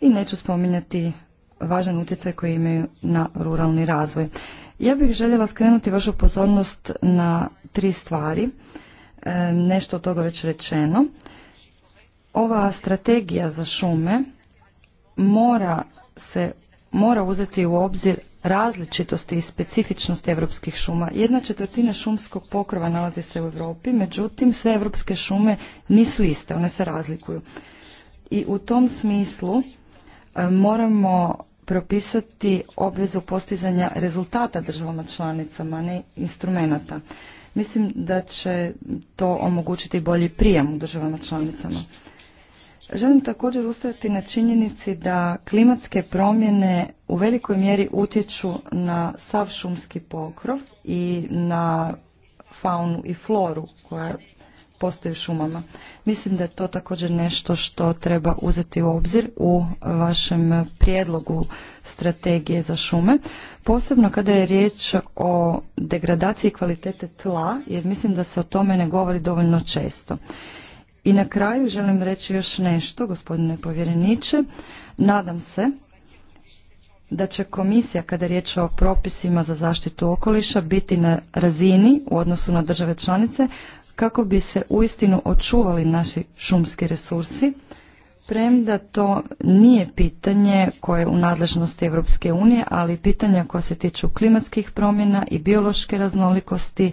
I neću spominjati važan utjecaj koji imaju na ruralni razvoj. Ja bih željela skrenuti vašu pozornost na tri stvari. E, nešto od toga već rečeno ova strategija za šume mora se mora uzeti u obzir različitosti i specifičnosti europskih šuma. Jedna četvrtina šumskog pokrova nalazi se u Europi, međutim sve europske šume nisu iste, one se razlikuju. I u tom smislu e, moramo propisati obvezu postizanja rezultata državama članicama, ne instrumenata. Mislim da će to omogućiti bolji prijem u državama članicama. Želim također ustaviti na činjenici da klimatske promjene u velikoj mjeri utječu na sav šumski pokrov i na faunu i floru koja postoji u šumama. Mislim da je to također nešto što treba uzeti u obzir u vašem prijedlogu strategije za šume, posebno kada je riječ o degradaciji kvalitete tla, jer mislim da se o tome ne govori dovoljno često. I na kraju želim reći još nešto, gospodine povjereniče. Nadam se da će komisija kada je riječ o propisima za zaštitu okoliša biti na razini u odnosu na države članice kako bi se uistinu očuvali naši šumski resursi, premda to nije pitanje koje je u nadležnosti Europske unije, ali pitanja koja se tiču klimatskih promjena i biološke raznolikosti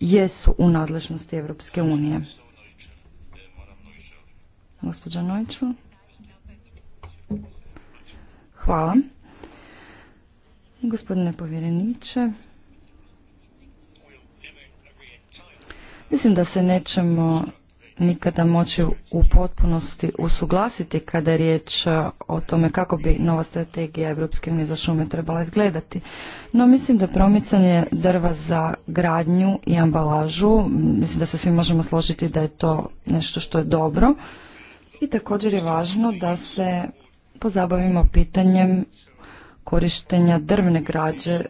jesu u nadležnosti Europske unije gospođo Hvala. Gospodine povjereniče, mislim da se nećemo nikada moći u potpunosti usuglasiti kada je riječ o tome kako bi nova strategija Europske unije za šume trebala izgledati. No mislim da promicanje drva za gradnju i ambalažu, mislim da se svi možemo složiti da je to nešto što je dobro, i također je važno da se pozabavimo pitanjem korištenja drvne građe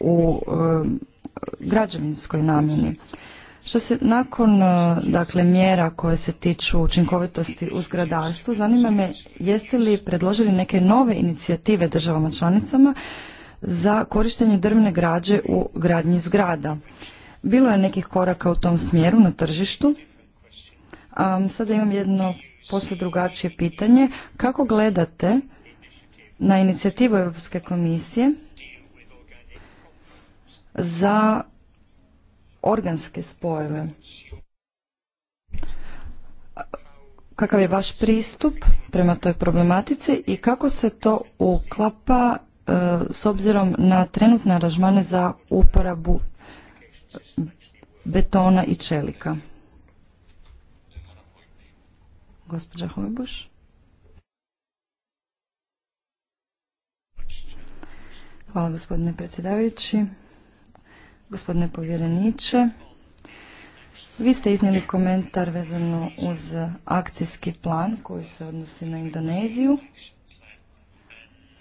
u eh, građevinskoj namjeni. Što se nakon eh, dakle mjera koje se tiču učinkovitosti u zgradarstvu, zanima me jeste li predložili neke nove inicijative državama članicama za korištenje drvne građe u gradnji zgrada. Bilo je nekih koraka u tom smjeru na tržištu. sada imam jedno posve drugačije pitanje. Kako gledate na inicijativu Europske komisije za organske spojeve? Kakav je vaš pristup prema toj problematici i kako se to uklapa e, s obzirom na trenutne aranžmane za uporabu betona i čelika? Gospođa Hojbuš. Hvala gospodine predsjedavajući. Gospodine povjereniče, vi ste iznijeli komentar vezano uz akcijski plan koji se odnosi na Indoneziju.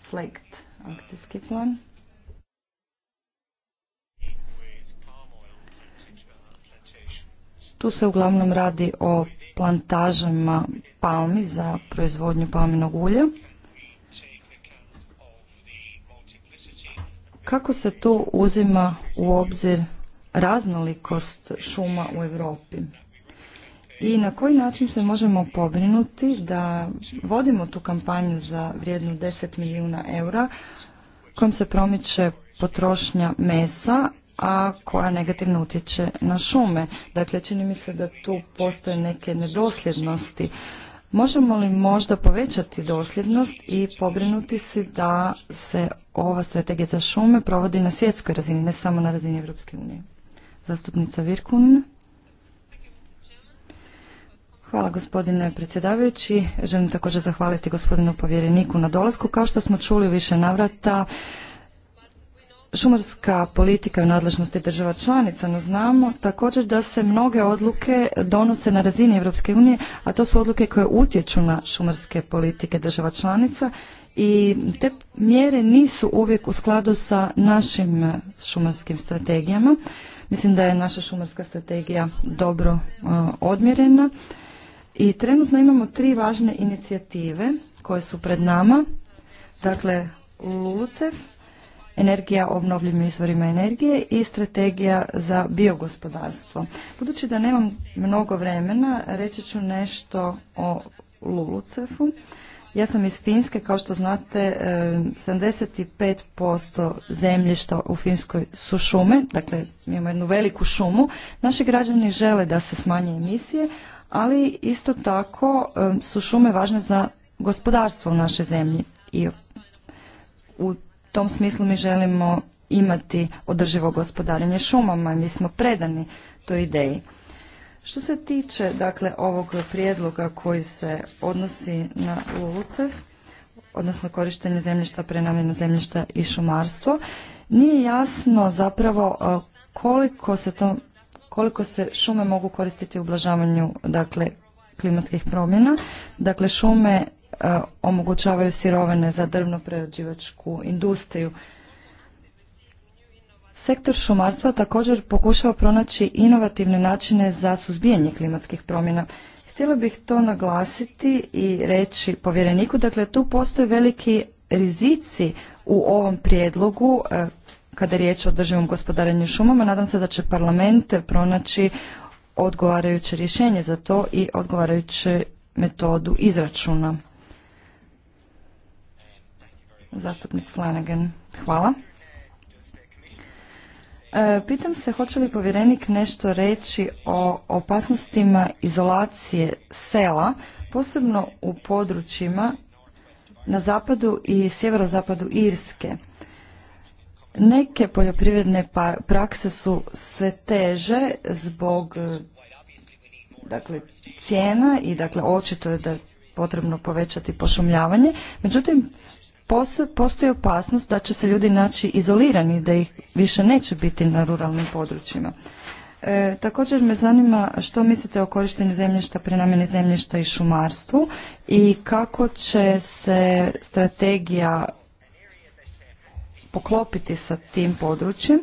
FLEGT akcijski plan. Tu se uglavnom radi o plantažama palmi za proizvodnju palminog ulja. Kako se tu uzima u obzir raznolikost šuma u Europi? I na koji način se možemo pobrinuti da vodimo tu kampanju za vrijednu 10 milijuna eura kojom se promiče potrošnja mesa, a koja negativno utječe na šume. Dakle, čini mi se da tu postoje neke nedosljednosti. Možemo li možda povećati dosljednost i pobrinuti se da se ova strategija za šume provodi na svjetskoj razini, ne samo na razini Europske unije? Zastupnica Virkun. Hvala gospodine predsjedavajući. Želim također zahvaliti gospodinu povjereniku na dolasku. Kao što smo čuli više navrata, šumarska politika u nadležnosti država članica, no znamo također da se mnoge odluke donose na razini Europske unije, a to su odluke koje utječu na šumarske politike država članica i te mjere nisu uvijek u skladu sa našim šumarskim strategijama. Mislim da je naša šumarska strategija dobro e, odmjerena i trenutno imamo tri važne inicijative koje su pred nama. Dakle, LULUCEF, energija obnovljivim izvorima energije i strategija za biogospodarstvo. Budući da nemam mnogo vremena, reći ću nešto o Lulucefu. Ja sam iz Finske, kao što znate, 75% eh, zemljišta u Finskoj su šume, dakle imamo jednu veliku šumu. Naši građani žele da se smanje emisije, ali isto tako eh, su šume važne za gospodarstvo u našoj zemlji i u tom smislu mi želimo imati održivo gospodarenje šumama i mi smo predani toj ideji. Što se tiče dakle ovog prijedloga koji se odnosi na Lulucev, odnosno korištenje zemljišta, prenamjenu zemljišta i šumarstvo, nije jasno zapravo e, koliko se to koliko se šume mogu koristiti u ublažavanju dakle klimatskih promjena. Dakle, šume E, omogućavaju sirovine za drvno-prerađivačku industriju. Sektor šumarstva također pokušava pronaći inovativne načine za suzbijanje klimatskih promjena. Htjela bih to naglasiti i reći povjereniku, dakle tu postoje veliki rizici u ovom prijedlogu e, kada je riječ o održivom gospodarenju šumama. Nadam se da će parlament pronaći odgovarajuće rješenje za to i odgovarajuće metodu izračuna. Zastupnik Flanagan, hvala. E, pitam se hoće li povjerenik nešto reći o opasnostima izolacije sela, posebno u područjima na zapadu i sjeverozapadu Irske. Neke poljoprivredne pa-, prakse su sve teže zbog e, dakle, cijena i dakle, očito je da je potrebno povećati pošumljavanje. Međutim, postoji opasnost da će se ljudi naći izolirani, da ih više neće biti na ruralnim područjima. E, također me zanima što mislite o korištenju zemljišta, prenamjeni zemljišta i šumarstvu i kako će se strategija poklopiti sa tim područjem.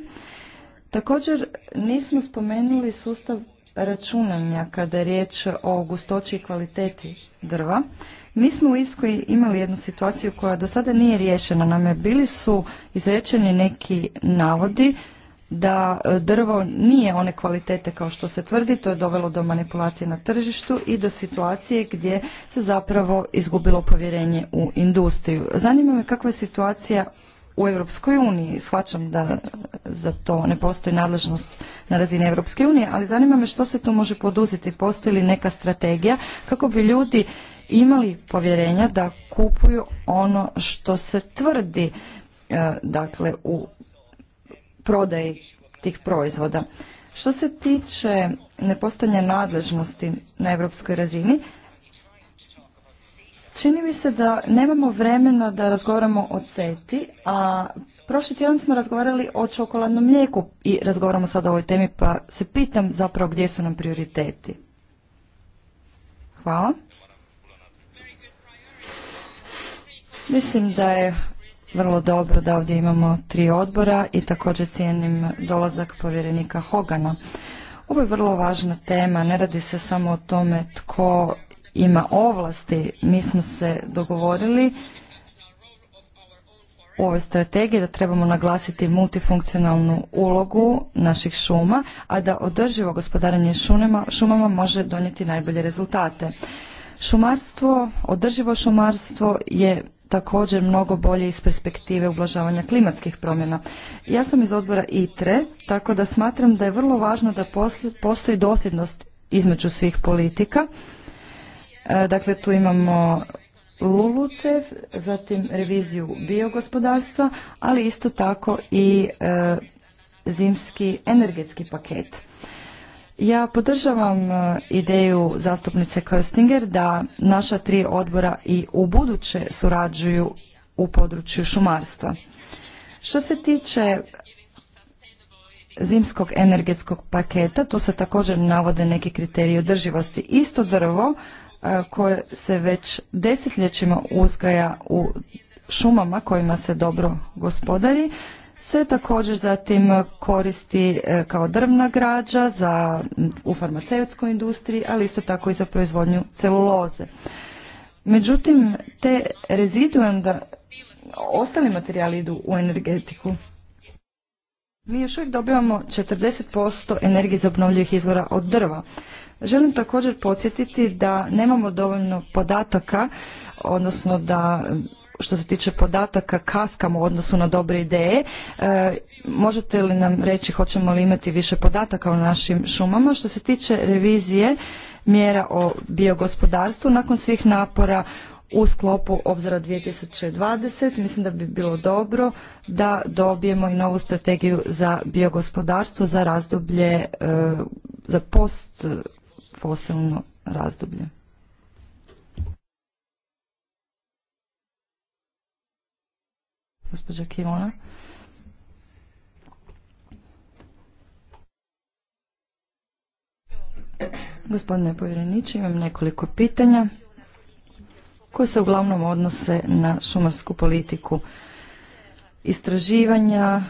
Također nismo spomenuli sustav računanja kada je riječ o gustoći i kvaliteti drva. Mi smo u Iskoj imali jednu situaciju koja do sada nije riješena. Naime, bili su izrečeni neki navodi da e, drvo nije one kvalitete kao što se tvrdi, to je dovelo do manipulacije na tržištu i do situacije gdje se zapravo izgubilo povjerenje u industriju. Zanima me kakva je situacija u Europskoj uniji. Shvaćam da za to ne postoji nadležnost na razini Europske unije, ali zanima me što se tu može poduzeti, postoji li neka strategija kako bi ljudi imali povjerenja da kupuju ono što se tvrdi e, dakle u prodaji tih proizvoda. Što se tiče nepostojanja nadležnosti na europskoj razini, Čini mi se da nemamo vremena da razgovaramo o CETI, a prošli tjedan smo razgovarali o čokoladnom mlijeku i razgovaramo sada o ovoj temi, pa se pitam zapravo gdje su nam prioriteti. Hvala. Mislim da je vrlo dobro da ovdje imamo tri odbora i također cijenim dolazak povjerenika Hogana. Ovo je vrlo važna tema, ne radi se samo o tome tko ima ovlasti. Mi smo se dogovorili u ovoj strategiji da trebamo naglasiti multifunkcionalnu ulogu naših šuma, a da održivo gospodaranje šumama, šumama može donijeti najbolje rezultate. Šumarstvo, održivo šumarstvo je također mnogo bolje iz perspektive ublažavanja klimatskih promjena. Ja sam iz odbora ITRE, tako da smatram da je vrlo važno da postoji dosljednost između svih politika. E, dakle, tu imamo LULUCEV, zatim reviziju biogospodarstva, ali isto tako i e, zimski energetski paket. Ja podržavam e, ideju zastupnice Köstinger da naša tri odbora i u buduće surađuju u području šumarstva. Što se tiče zimskog energetskog paketa, tu se također navode neki kriteriji održivosti. Isto drvo e, koje se već desetljećima uzgaja u šumama kojima se dobro gospodari se također zatim koristi e, kao drvna građa za, u farmaceutskoj industriji, ali isto tako i za proizvodnju celuloze. Međutim, te da ostali materijali idu u energetiku. Mi još uvijek dobivamo 40% energije za obnovljivih izvora od drva. Želim također podsjetiti da nemamo dovoljno podataka, odnosno da što se tiče podataka kaskamo u odnosu na dobre ideje. E, možete li nam reći hoćemo li imati više podataka o našim šumama? Što se tiče revizije mjera o biogospodarstvu, nakon svih napora u sklopu obzora 2020 mislim da bi bilo dobro da dobijemo i novu strategiju za biogospodarstvo za razdoblje, e, za post fosilno razdoblje. gospođa Gospodine povjereniče, imam nekoliko pitanja koje se uglavnom odnose na šumarsku politiku. Istraživanja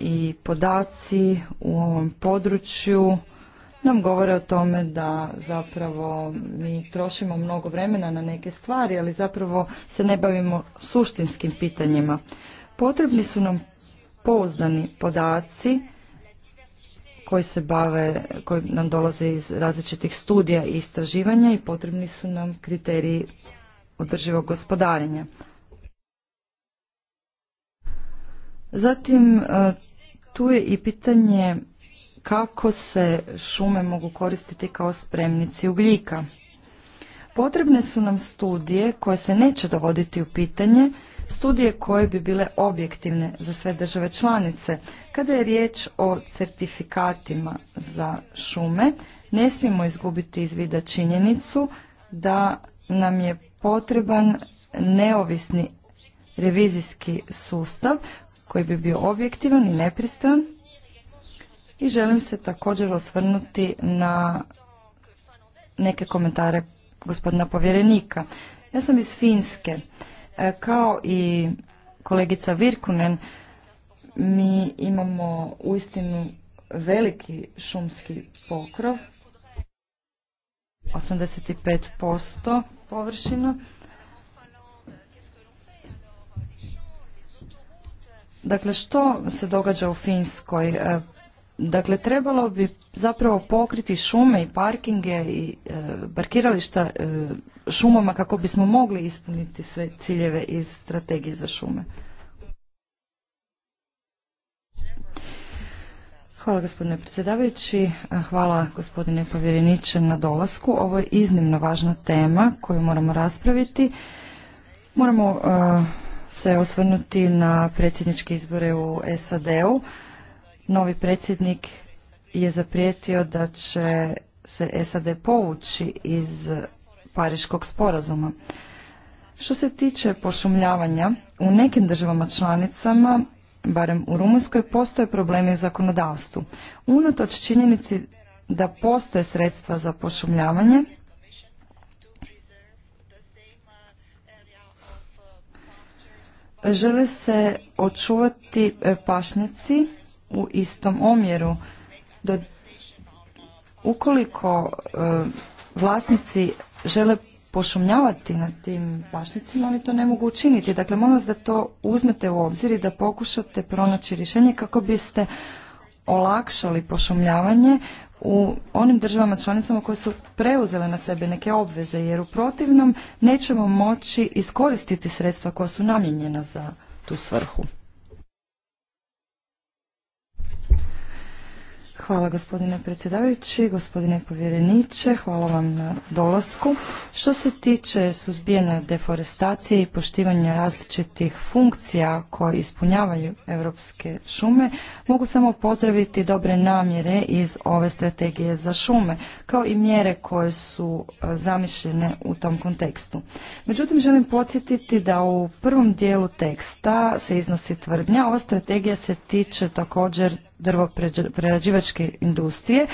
i podaci u ovom području nam govore o tome da zapravo mi trošimo mnogo vremena na neke stvari, ali zapravo se ne bavimo suštinskim pitanjima. Potrebni su nam pouzdani podaci koji se bave, koji nam dolaze iz različitih studija i istraživanja i potrebni su nam kriteriji održivog gospodarenja. Zatim, e, tu je i pitanje kako se šume mogu koristiti kao spremnici ugljika. Potrebne su nam studije koje se neće dovoditi u pitanje, studije koje bi bile objektivne za sve države članice. Kada je riječ o certifikatima za šume, ne smijemo izgubiti iz vida činjenicu da nam je potreban neovisni revizijski sustav koji bi bio objektivan i nepristran i želim se također osvrnuti na neke komentare gospodina povjerenika. Ja sam iz Finske E, kao i kolegica Virkunen, mi imamo uistinu veliki šumski pokrov, 85% površina. Dakle, što se događa u Finskoj? E, Dakle, trebalo bi zapravo pokriti šume i parkinge i e, parkirališta e, šumama kako bismo mogli ispuniti sve ciljeve iz strategije za šume. Hvala gospodine predsjedavajući, e, hvala gospodine povjereniče na dolasku. Ovo je iznimno važna tema koju moramo raspraviti. Moramo se osvrnuti na predsjedničke izbore u SAD-u novi predsjednik je zaprijetio da će se SAD povući iz Pariškog sporazuma. Što se tiče pošumljavanja, u nekim državama članicama, barem u Rumunjskoj, postoje problemi u zakonodavstvu. Unatoč činjenici da postoje sredstva za pošumljavanje, žele se očuvati e, pašnici, u istom omjeru. Do, ukoliko e, vlasnici žele pošumljavati na tim pašnicima, oni to ne mogu učiniti. Dakle, molim vas da to uzmete u obzir i da pokušate pronaći rješenje kako biste olakšali pošumljavanje u onim državama članicama koje su preuzele na sebe neke obveze, jer u protivnom nećemo moći iskoristiti sredstva koja su namijenjena za tu svrhu. Hvala gospodine predsjedavajući, gospodine povjereniče, hvala vam na dolasku. Što se tiče suzbijene deforestacije i poštivanja različitih funkcija koje ispunjavaju europske šume, mogu samo pozdraviti dobre namjere iz ove strategije za šume, kao i mjere koje su e, zamišljene u tom kontekstu. Međutim, želim podsjetiti da u prvom dijelu teksta se iznosi tvrdnja, ova strategija se tiče također drvoprerađivačke industrije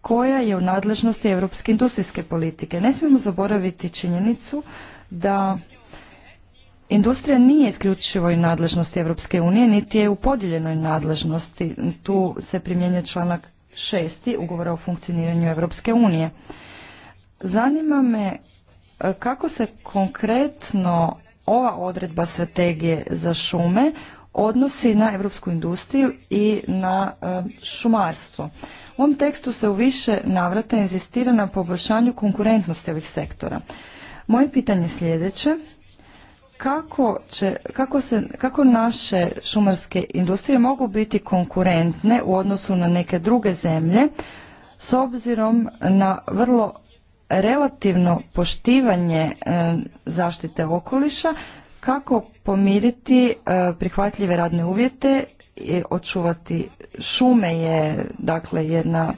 koja je u nadležnosti europske industrijske politike. Ne smijemo zaboraviti činjenicu da Industrija nije isključivo i nadležnosti Europske unije, niti je u podijeljenoj nadležnosti. Tu se primjenjuje članak 6. ugovora o funkcioniranju Europske unije. Zanima me e, kako se konkretno ova odredba strategije za šume odnosi na europsku industriju i na e, šumarstvo. U ovom tekstu se u više navrata inzistira na poboljšanju konkurentnosti ovih sektora. Moje pitanje je sljedeće. Kako, će, kako, se, kako naše šumarske industrije mogu biti konkurentne u odnosu na neke druge zemlje s obzirom na vrlo relativno poštivanje e, zaštite okoliša kako pomiriti e, prihvatljive radne uvjete i očuvati šume je dakle jedna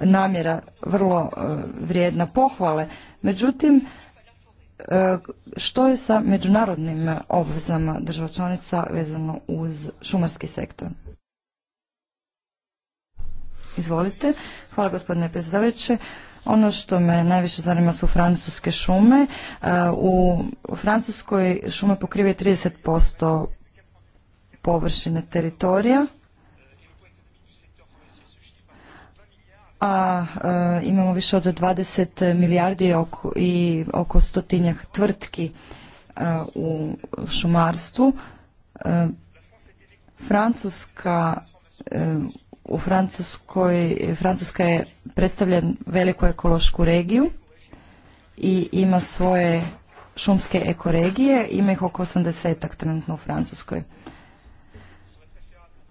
namjera vrlo e, vrijedna pohvale. Međutim, e, što je sa međunarodnim obvezama država članica vezano uz šumarski sektor? Izvolite. Hvala gospodine predsjedavajuće. Ono što me najviše zanima su francuske šume. E, u Francuskoj šume pokrivaju 30% površine teritorija. a e, imamo više od 20 milijardi i oko stotinjak tvrtki e, u šumarstvu. Francuska u Francuskoj, Francuska je predstavlja veliku ekološku regiju i ima svoje šumske ekoregije, ima ih oko 80 trenutno u Francuskoj.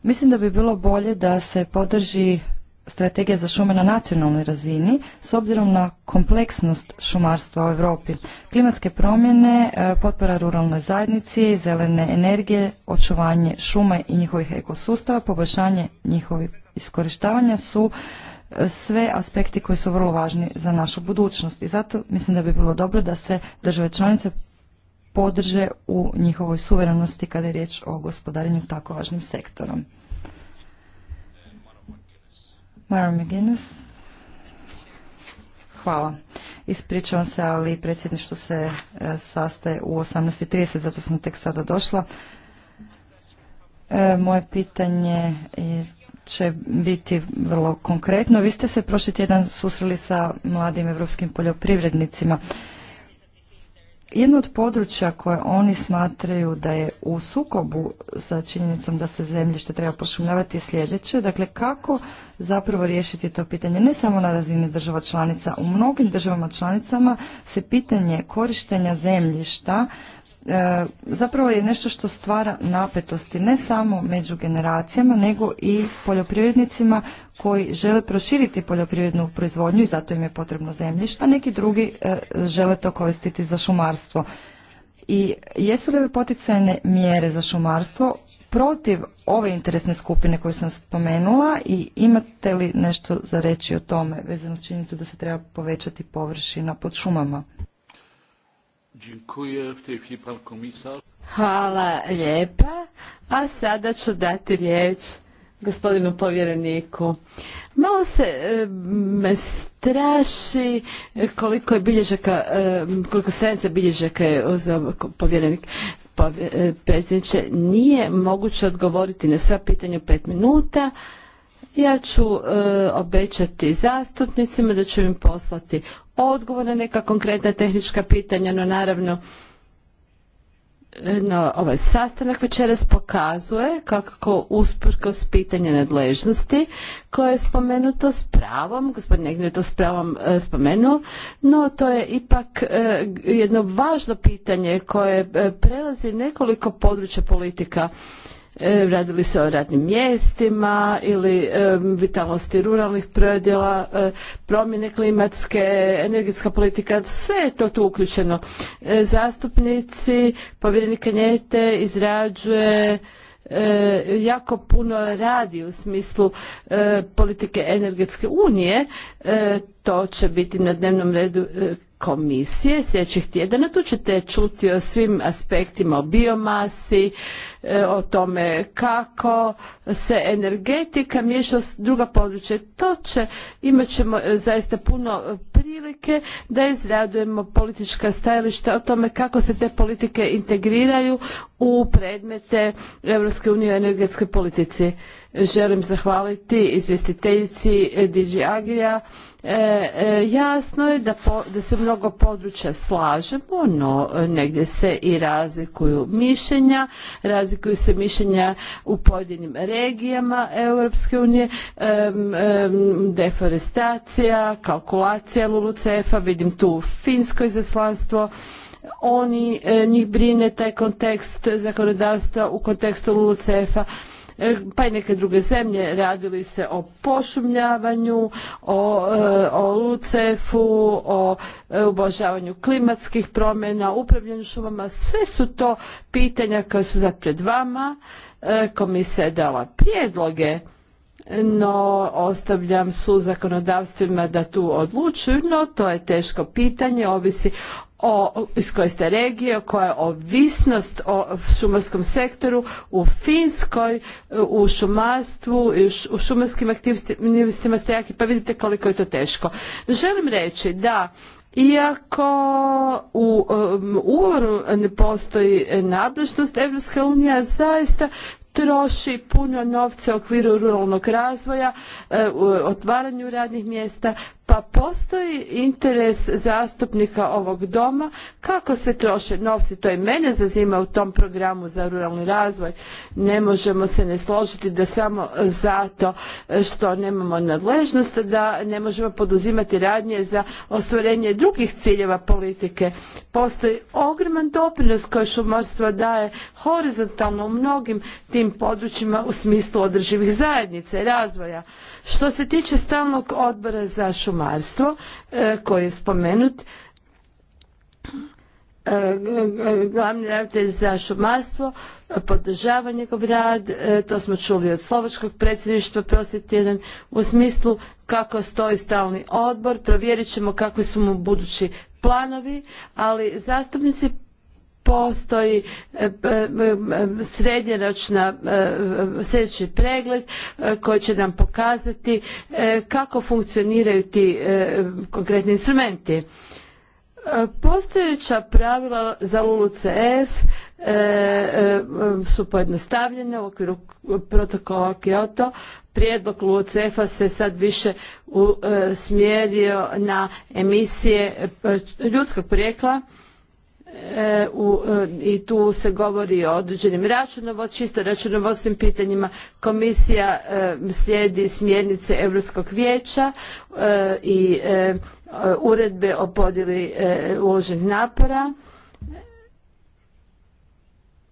Mislim da bi bilo bolje da se podrži strategija za šume na nacionalnoj razini s obzirom na kompleksnost šumarstva u Europi. Klimatske promjene, e, potpora ruralnoj zajednici, zelene energije, očuvanje šume i njihovih ekosustava, poboljšanje njihovih iskorištavanja su e, sve aspekti koji su vrlo važni za našu budućnost i zato mislim da bi bilo dobro da se države članice podrže u njihovoj suverenosti kada je riječ o gospodarenju tako važnim sektorom. Mara McGuinness. Hvala. Ispričavam se, ali predsjedništvo se e, sastaje u 18.30, zato sam tek sada došla. E, moje pitanje je će biti vrlo konkretno. Vi ste se prošli tjedan susreli sa mladim evropskim poljoprivrednicima. Jedno od područja koje oni smatraju da je u sukobu sa činjenicom da se zemljište treba pošumljavati je sljedeće. Dakle, kako zapravo riješiti to pitanje? Ne samo na razini država članica. U mnogim državama članicama se pitanje korištenja zemljišta E, zapravo je nešto što stvara napetosti ne samo među generacijama nego i poljoprivrednicima koji žele proširiti poljoprivrednu proizvodnju i zato im je potrebno zemljište, a neki drugi e, žele to koristiti za šumarstvo. I jesu li poticajne mjere za šumarstvo protiv ove interesne skupine koju sam spomenula i imate li nešto za reći o tome vezano s činjenicu da se treba povećati površina pod šumama? Hvala lijepa. A sada ću dati riječ gospodinu povjereniku. Malo se e, me straši koliko je bilježaka, e, koliko stranica bilježaka je za povjerenik e, predsjedniče. Nije moguće odgovoriti na sva pitanja u pet minuta. Ja ću e, obećati zastupnicima da ću im poslati odgovor na neka konkretna tehnička pitanja, no naravno e, ovaj sastanak večeras pokazuje kako usprkos pitanja nadležnosti koje je spomenuto s pravom, gospodin je to s pravom e, spomenuo, no to je ipak jedno važno pitanje koje prelazi nekoliko područja politika E, radili se o radnim mjestima ili e, vitalnosti ruralnih prodjela, e, promjene klimatske, energetska politika, sve je to tu uključeno. Zastupnici, povjerenik Njete izrađuje jako puno radi u smislu politike energetske unije, to će biti na dnevnom redu e, komisije sljedećih tjedana. Tu ćete čuti o svim aspektima, o biomasi, e, o tome kako se energetika miješa druga područja. To će, imat ćemo e, zaista puno prilike da izradujemo politička stajališta o tome kako se te politike integriraju u predmete Europske unije o energetskoj politici. Želim zahvaliti izvjestiteljici DG Agrija E, e, jasno je da, da se mnogo područja slažemo, no e, negdje se i razlikuju mišljenja, razlikuju se mišljenja u pojedinim regijama Europske unije, deforestacija, kalkulacija lulucf vidim tu finsko izaslanstvo, oni, njih brine taj kontekst zakonodavstva u kontekstu Lulucefa. E, pa i neke druge zemlje. Radili se o pošumljavanju, o, e, lucefu, o e, ubožavanju klimatskih promjena, upravljanju šumama. Sve su to pitanja koja su zapred vama. Komisija je dala prijedloge no ostavljam su zakonodavstvima da tu odlučuju, no to je teško pitanje, ovisi o, iz koje ste regije, koja je ovisnost o šumarskom sektoru u Finskoj, u šumarstvu, u šumarskim aktivnostima ste jaki, pa vidite koliko je to teško. Želim reći da iako u um, ugovoru ne postoji nadležnost Evropska unija zaista troši puno novca u okviru ruralnog razvoja, e, otvaranju radnih mjesta, pa postoji interes zastupnika ovog doma kako se troše novci. To i mene zazima u tom programu za ruralni razvoj. Ne možemo se ne složiti da samo zato što nemamo nadležnost da ne možemo poduzimati radnje za ostvarenje drugih ciljeva politike. Postoji ogroman doprinos koje šumarstvo daje horizontalno u mnogim tim područjima u smislu održivih zajednica i razvoja. Što se tiče stalnog odbora za šumarstvo e, koji je spomenut, e, glavni ravnatelj za šumarstvo podržava njegov rad, e, to smo čuli od slovačkog predsjedništva prošli u smislu kako stoji stalni odbor, provjerit ćemo kakvi su mu budući planovi, ali zastupnici postoji e, e, srednjeročna e, sljedeći pregled koji će nam pokazati kako funkcioniraju ti konkretni instrumenti. Postojeća pravila za LULUCF su pojednostavljene u okviru protokola Kyoto. Prijedlog LULUCF-a se sad više smjerio na emisije ljudskog prijekla. E, e, i tu se govori o određenim računovod, čisto računovodstvenim pitanjima. Komisija e, slijedi smjernice Europskog vijeća i uredbe o podjeli uloženih napora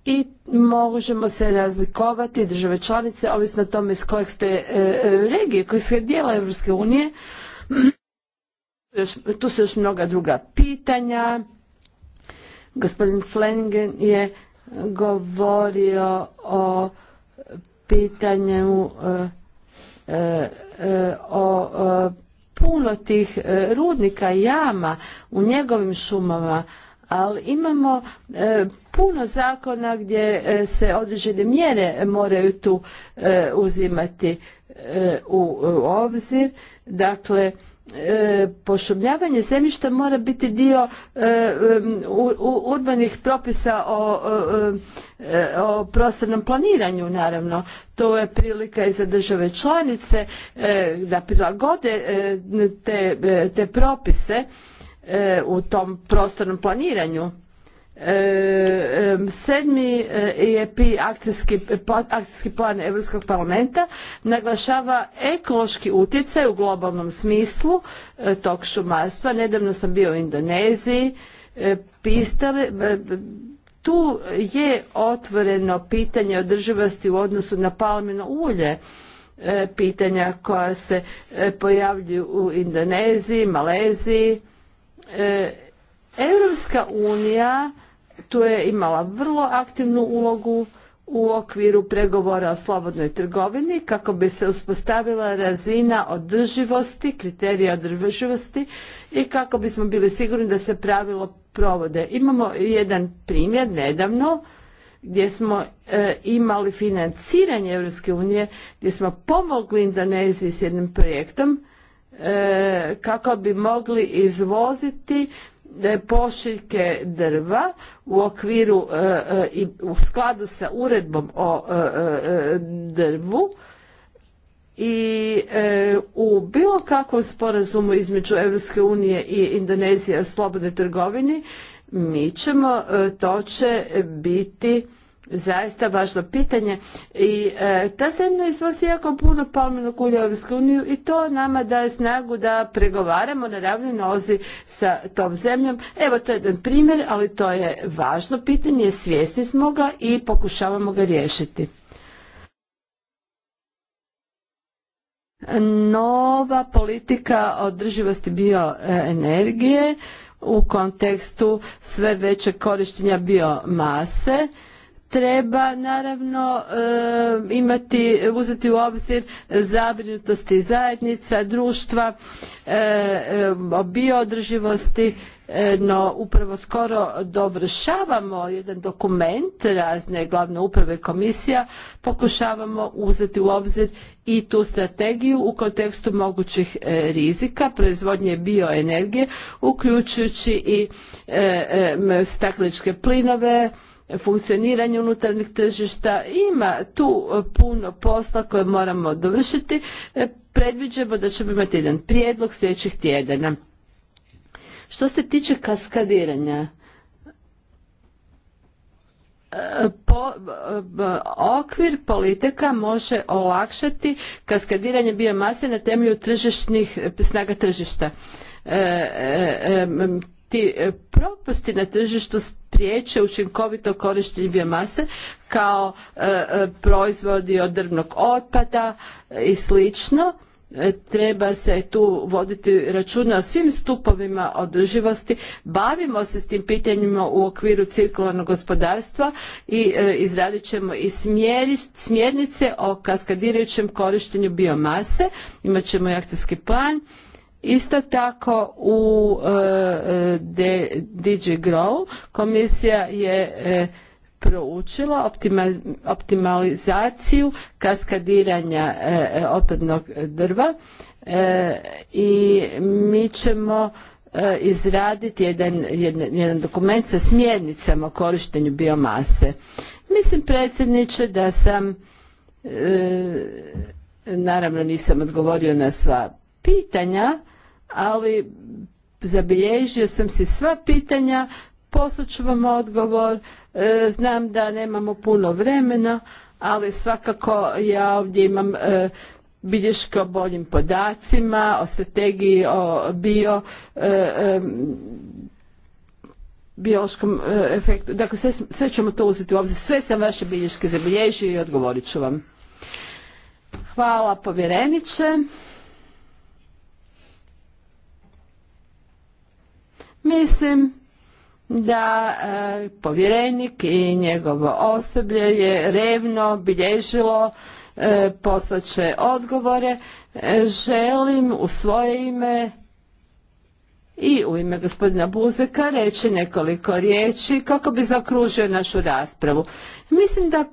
i možemo se razlikovati države članice ovisno o tome iz kojeg ste regije, koji ste dijela Europske unije. [clears throat] Tu su još mnoga druga pitanja Gospodin Flanagan je govorio o pitanju e, e, e, o puno tih rudnika jama u njegovim šumama, ali imamo puno zakona gdje se određene mjere moraju tu uzimati u obzir. Dakle, E, pošumljavanje zemljišta mora biti dio e, urbanih propisa o, e, o prostornom planiranju naravno to je prilika i za države članice da prilagode te, te propise u tom prostornom planiranju E, sedmi EP akcijski, plan Europskog parlamenta naglašava ekološki utjecaj u globalnom smislu e, tog šumarstva. Nedavno sam bio u Indoneziji, e, tu je otvoreno pitanje održivosti u odnosu na palmino ulje pitanja koja se pojavljuju u Indoneziji, Maleziji. Europska unija tu je imala vrlo aktivnu ulogu u okviru pregovora o slobodnoj trgovini kako bi se uspostavila razina održivosti, kriterija održivosti i kako bismo bili sigurni da se pravilo provode. Imamo jedan primjer nedavno gdje smo e, imali financiranje Europske unije, gdje smo pomogli Indoneziji s jednim projektom e, kako bi mogli izvoziti E, pošiljke drva u okviru e, e, i u skladu sa uredbom o drvu i u bilo kakvom sporazumu između Europske unije i Indonezije o slobodnoj trgovini mi ćemo, to će biti zaista važno pitanje i e, ta zemlja izvozi jako puno palminog ulja u uniju i to nama daje snagu da pregovaramo na ravnoj nozi sa tom zemljom. Evo to je jedan primjer, ali to je važno pitanje, svjesni smo ga i pokušavamo ga riješiti. Nova politika održivosti bioenergije u kontekstu sve većeg korištenja biomase treba naravno eh, imati, uzeti u obzir zabrinutosti zajednica, društva, eh, eh, bioodrživosti, no upravo skoro dovršavamo jedan dokument razne glavne uprave komisija, pokušavamo uzeti u obzir i tu strategiju u kontekstu mogućih rizika proizvodnje bioenergije, uključujući i stakleničke plinove, funkcioniranju unutarnjeg tržišta. Ima tu e, puno posla koje moramo dovršiti. E, predviđamo da ćemo imati jedan prijedlog sljedećih tjedana. Što se tiče kaskadiranja, e, okvir politika može olakšati kaskadiranje biomase na temelju tržišnih snaga tržišta. Ti e, propusti na tržištu spriječe učinkovito korištenje biomase kao e, e, proizvodi od drvnog otpada i slično treba se tu voditi računa o svim stupovima održivosti. Bavimo se s tim pitanjima u okviru cirkularnog gospodarstva i izradit ćemo i smjernice o kaskadirajućem korištenju biomase. Imat ćemo i akcijski plan Isto tako u e, e, DigiGrow komisija je e, proučila optimalizaciju kaskadiranja otpadnog drva i mi ćemo izraditi jedan, dokument sa smjernicama o korištenju biomase. Mislim predsjedniče da sam naravno nisam odgovorio na sva pitanja ali zabilježio sam si sva pitanja, poslat ću vam odgovor, e, znam da nemamo puno vremena, ali svakako ja ovdje imam e, bilješke o boljim podacima, o strategiji, o bio e, biološkom efektu. Dakle, sve, ćemo to uzeti u obzir. Sve sam vaše bilješke zabilježio i odgovorit ću vam. Hvala povjereniče. Mislim da e, povjerenik i njegovo osoblje je revno bilježilo e, poslaće odgovore. E, želim u svoje ime i u ime gospodina Buzeka reći nekoliko riječi kako bi zakružio našu raspravu. Mislim da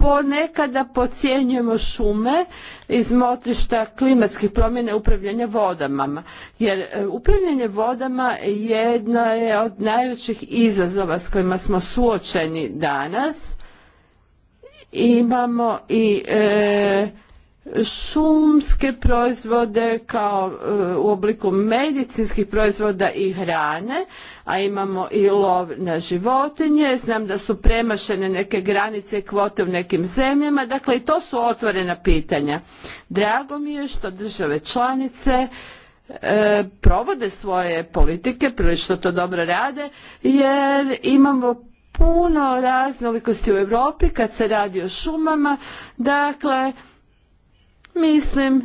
ponekada podcjenjujemo šume iz motrišta klimatskih promjena upravljanja vodama. Jer e, upravljanje vodama jedna je od najvećih izazova s kojima smo suočeni danas. Imamo i e, šumske proizvode kao e, u obliku medicinskih proizvoda i hrane, a imamo i lov na životinje. Znam da su premašene neke granice i kvote u nekim zemljama. Dakle, i to su otvorena pitanja. Drago mi je što države članice e, provode svoje politike, prilično to dobro rade, jer imamo puno raznolikosti u Europi kad se radi o šumama. Dakle, Mislim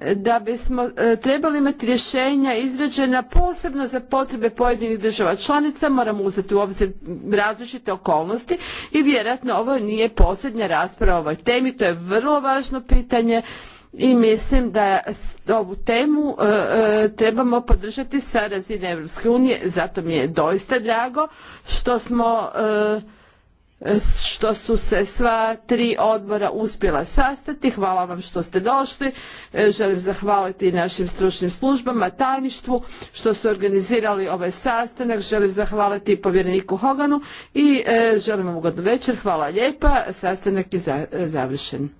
e, da bismo e, trebali imati rješenja izrađena posebno za potrebe pojedinih država članica, moramo uzeti u obzir različite okolnosti i vjerojatno ovo nije posljednja rasprava o ovoj temi, to je vrlo važno pitanje i mislim da ovu temu e, trebamo podržati sa razine Europske unije, zato mi je doista drago što smo E, što su se sva tri odbora uspjela sastati. Hvala vam što ste došli. E, želim zahvaliti našim stručnim službama, tajništvu što su organizirali ovaj sastanak. Želim zahvaliti povjereniku Hoganu i e, želim vam ugodnu večer. Hvala lijepa. Sastanak je završen.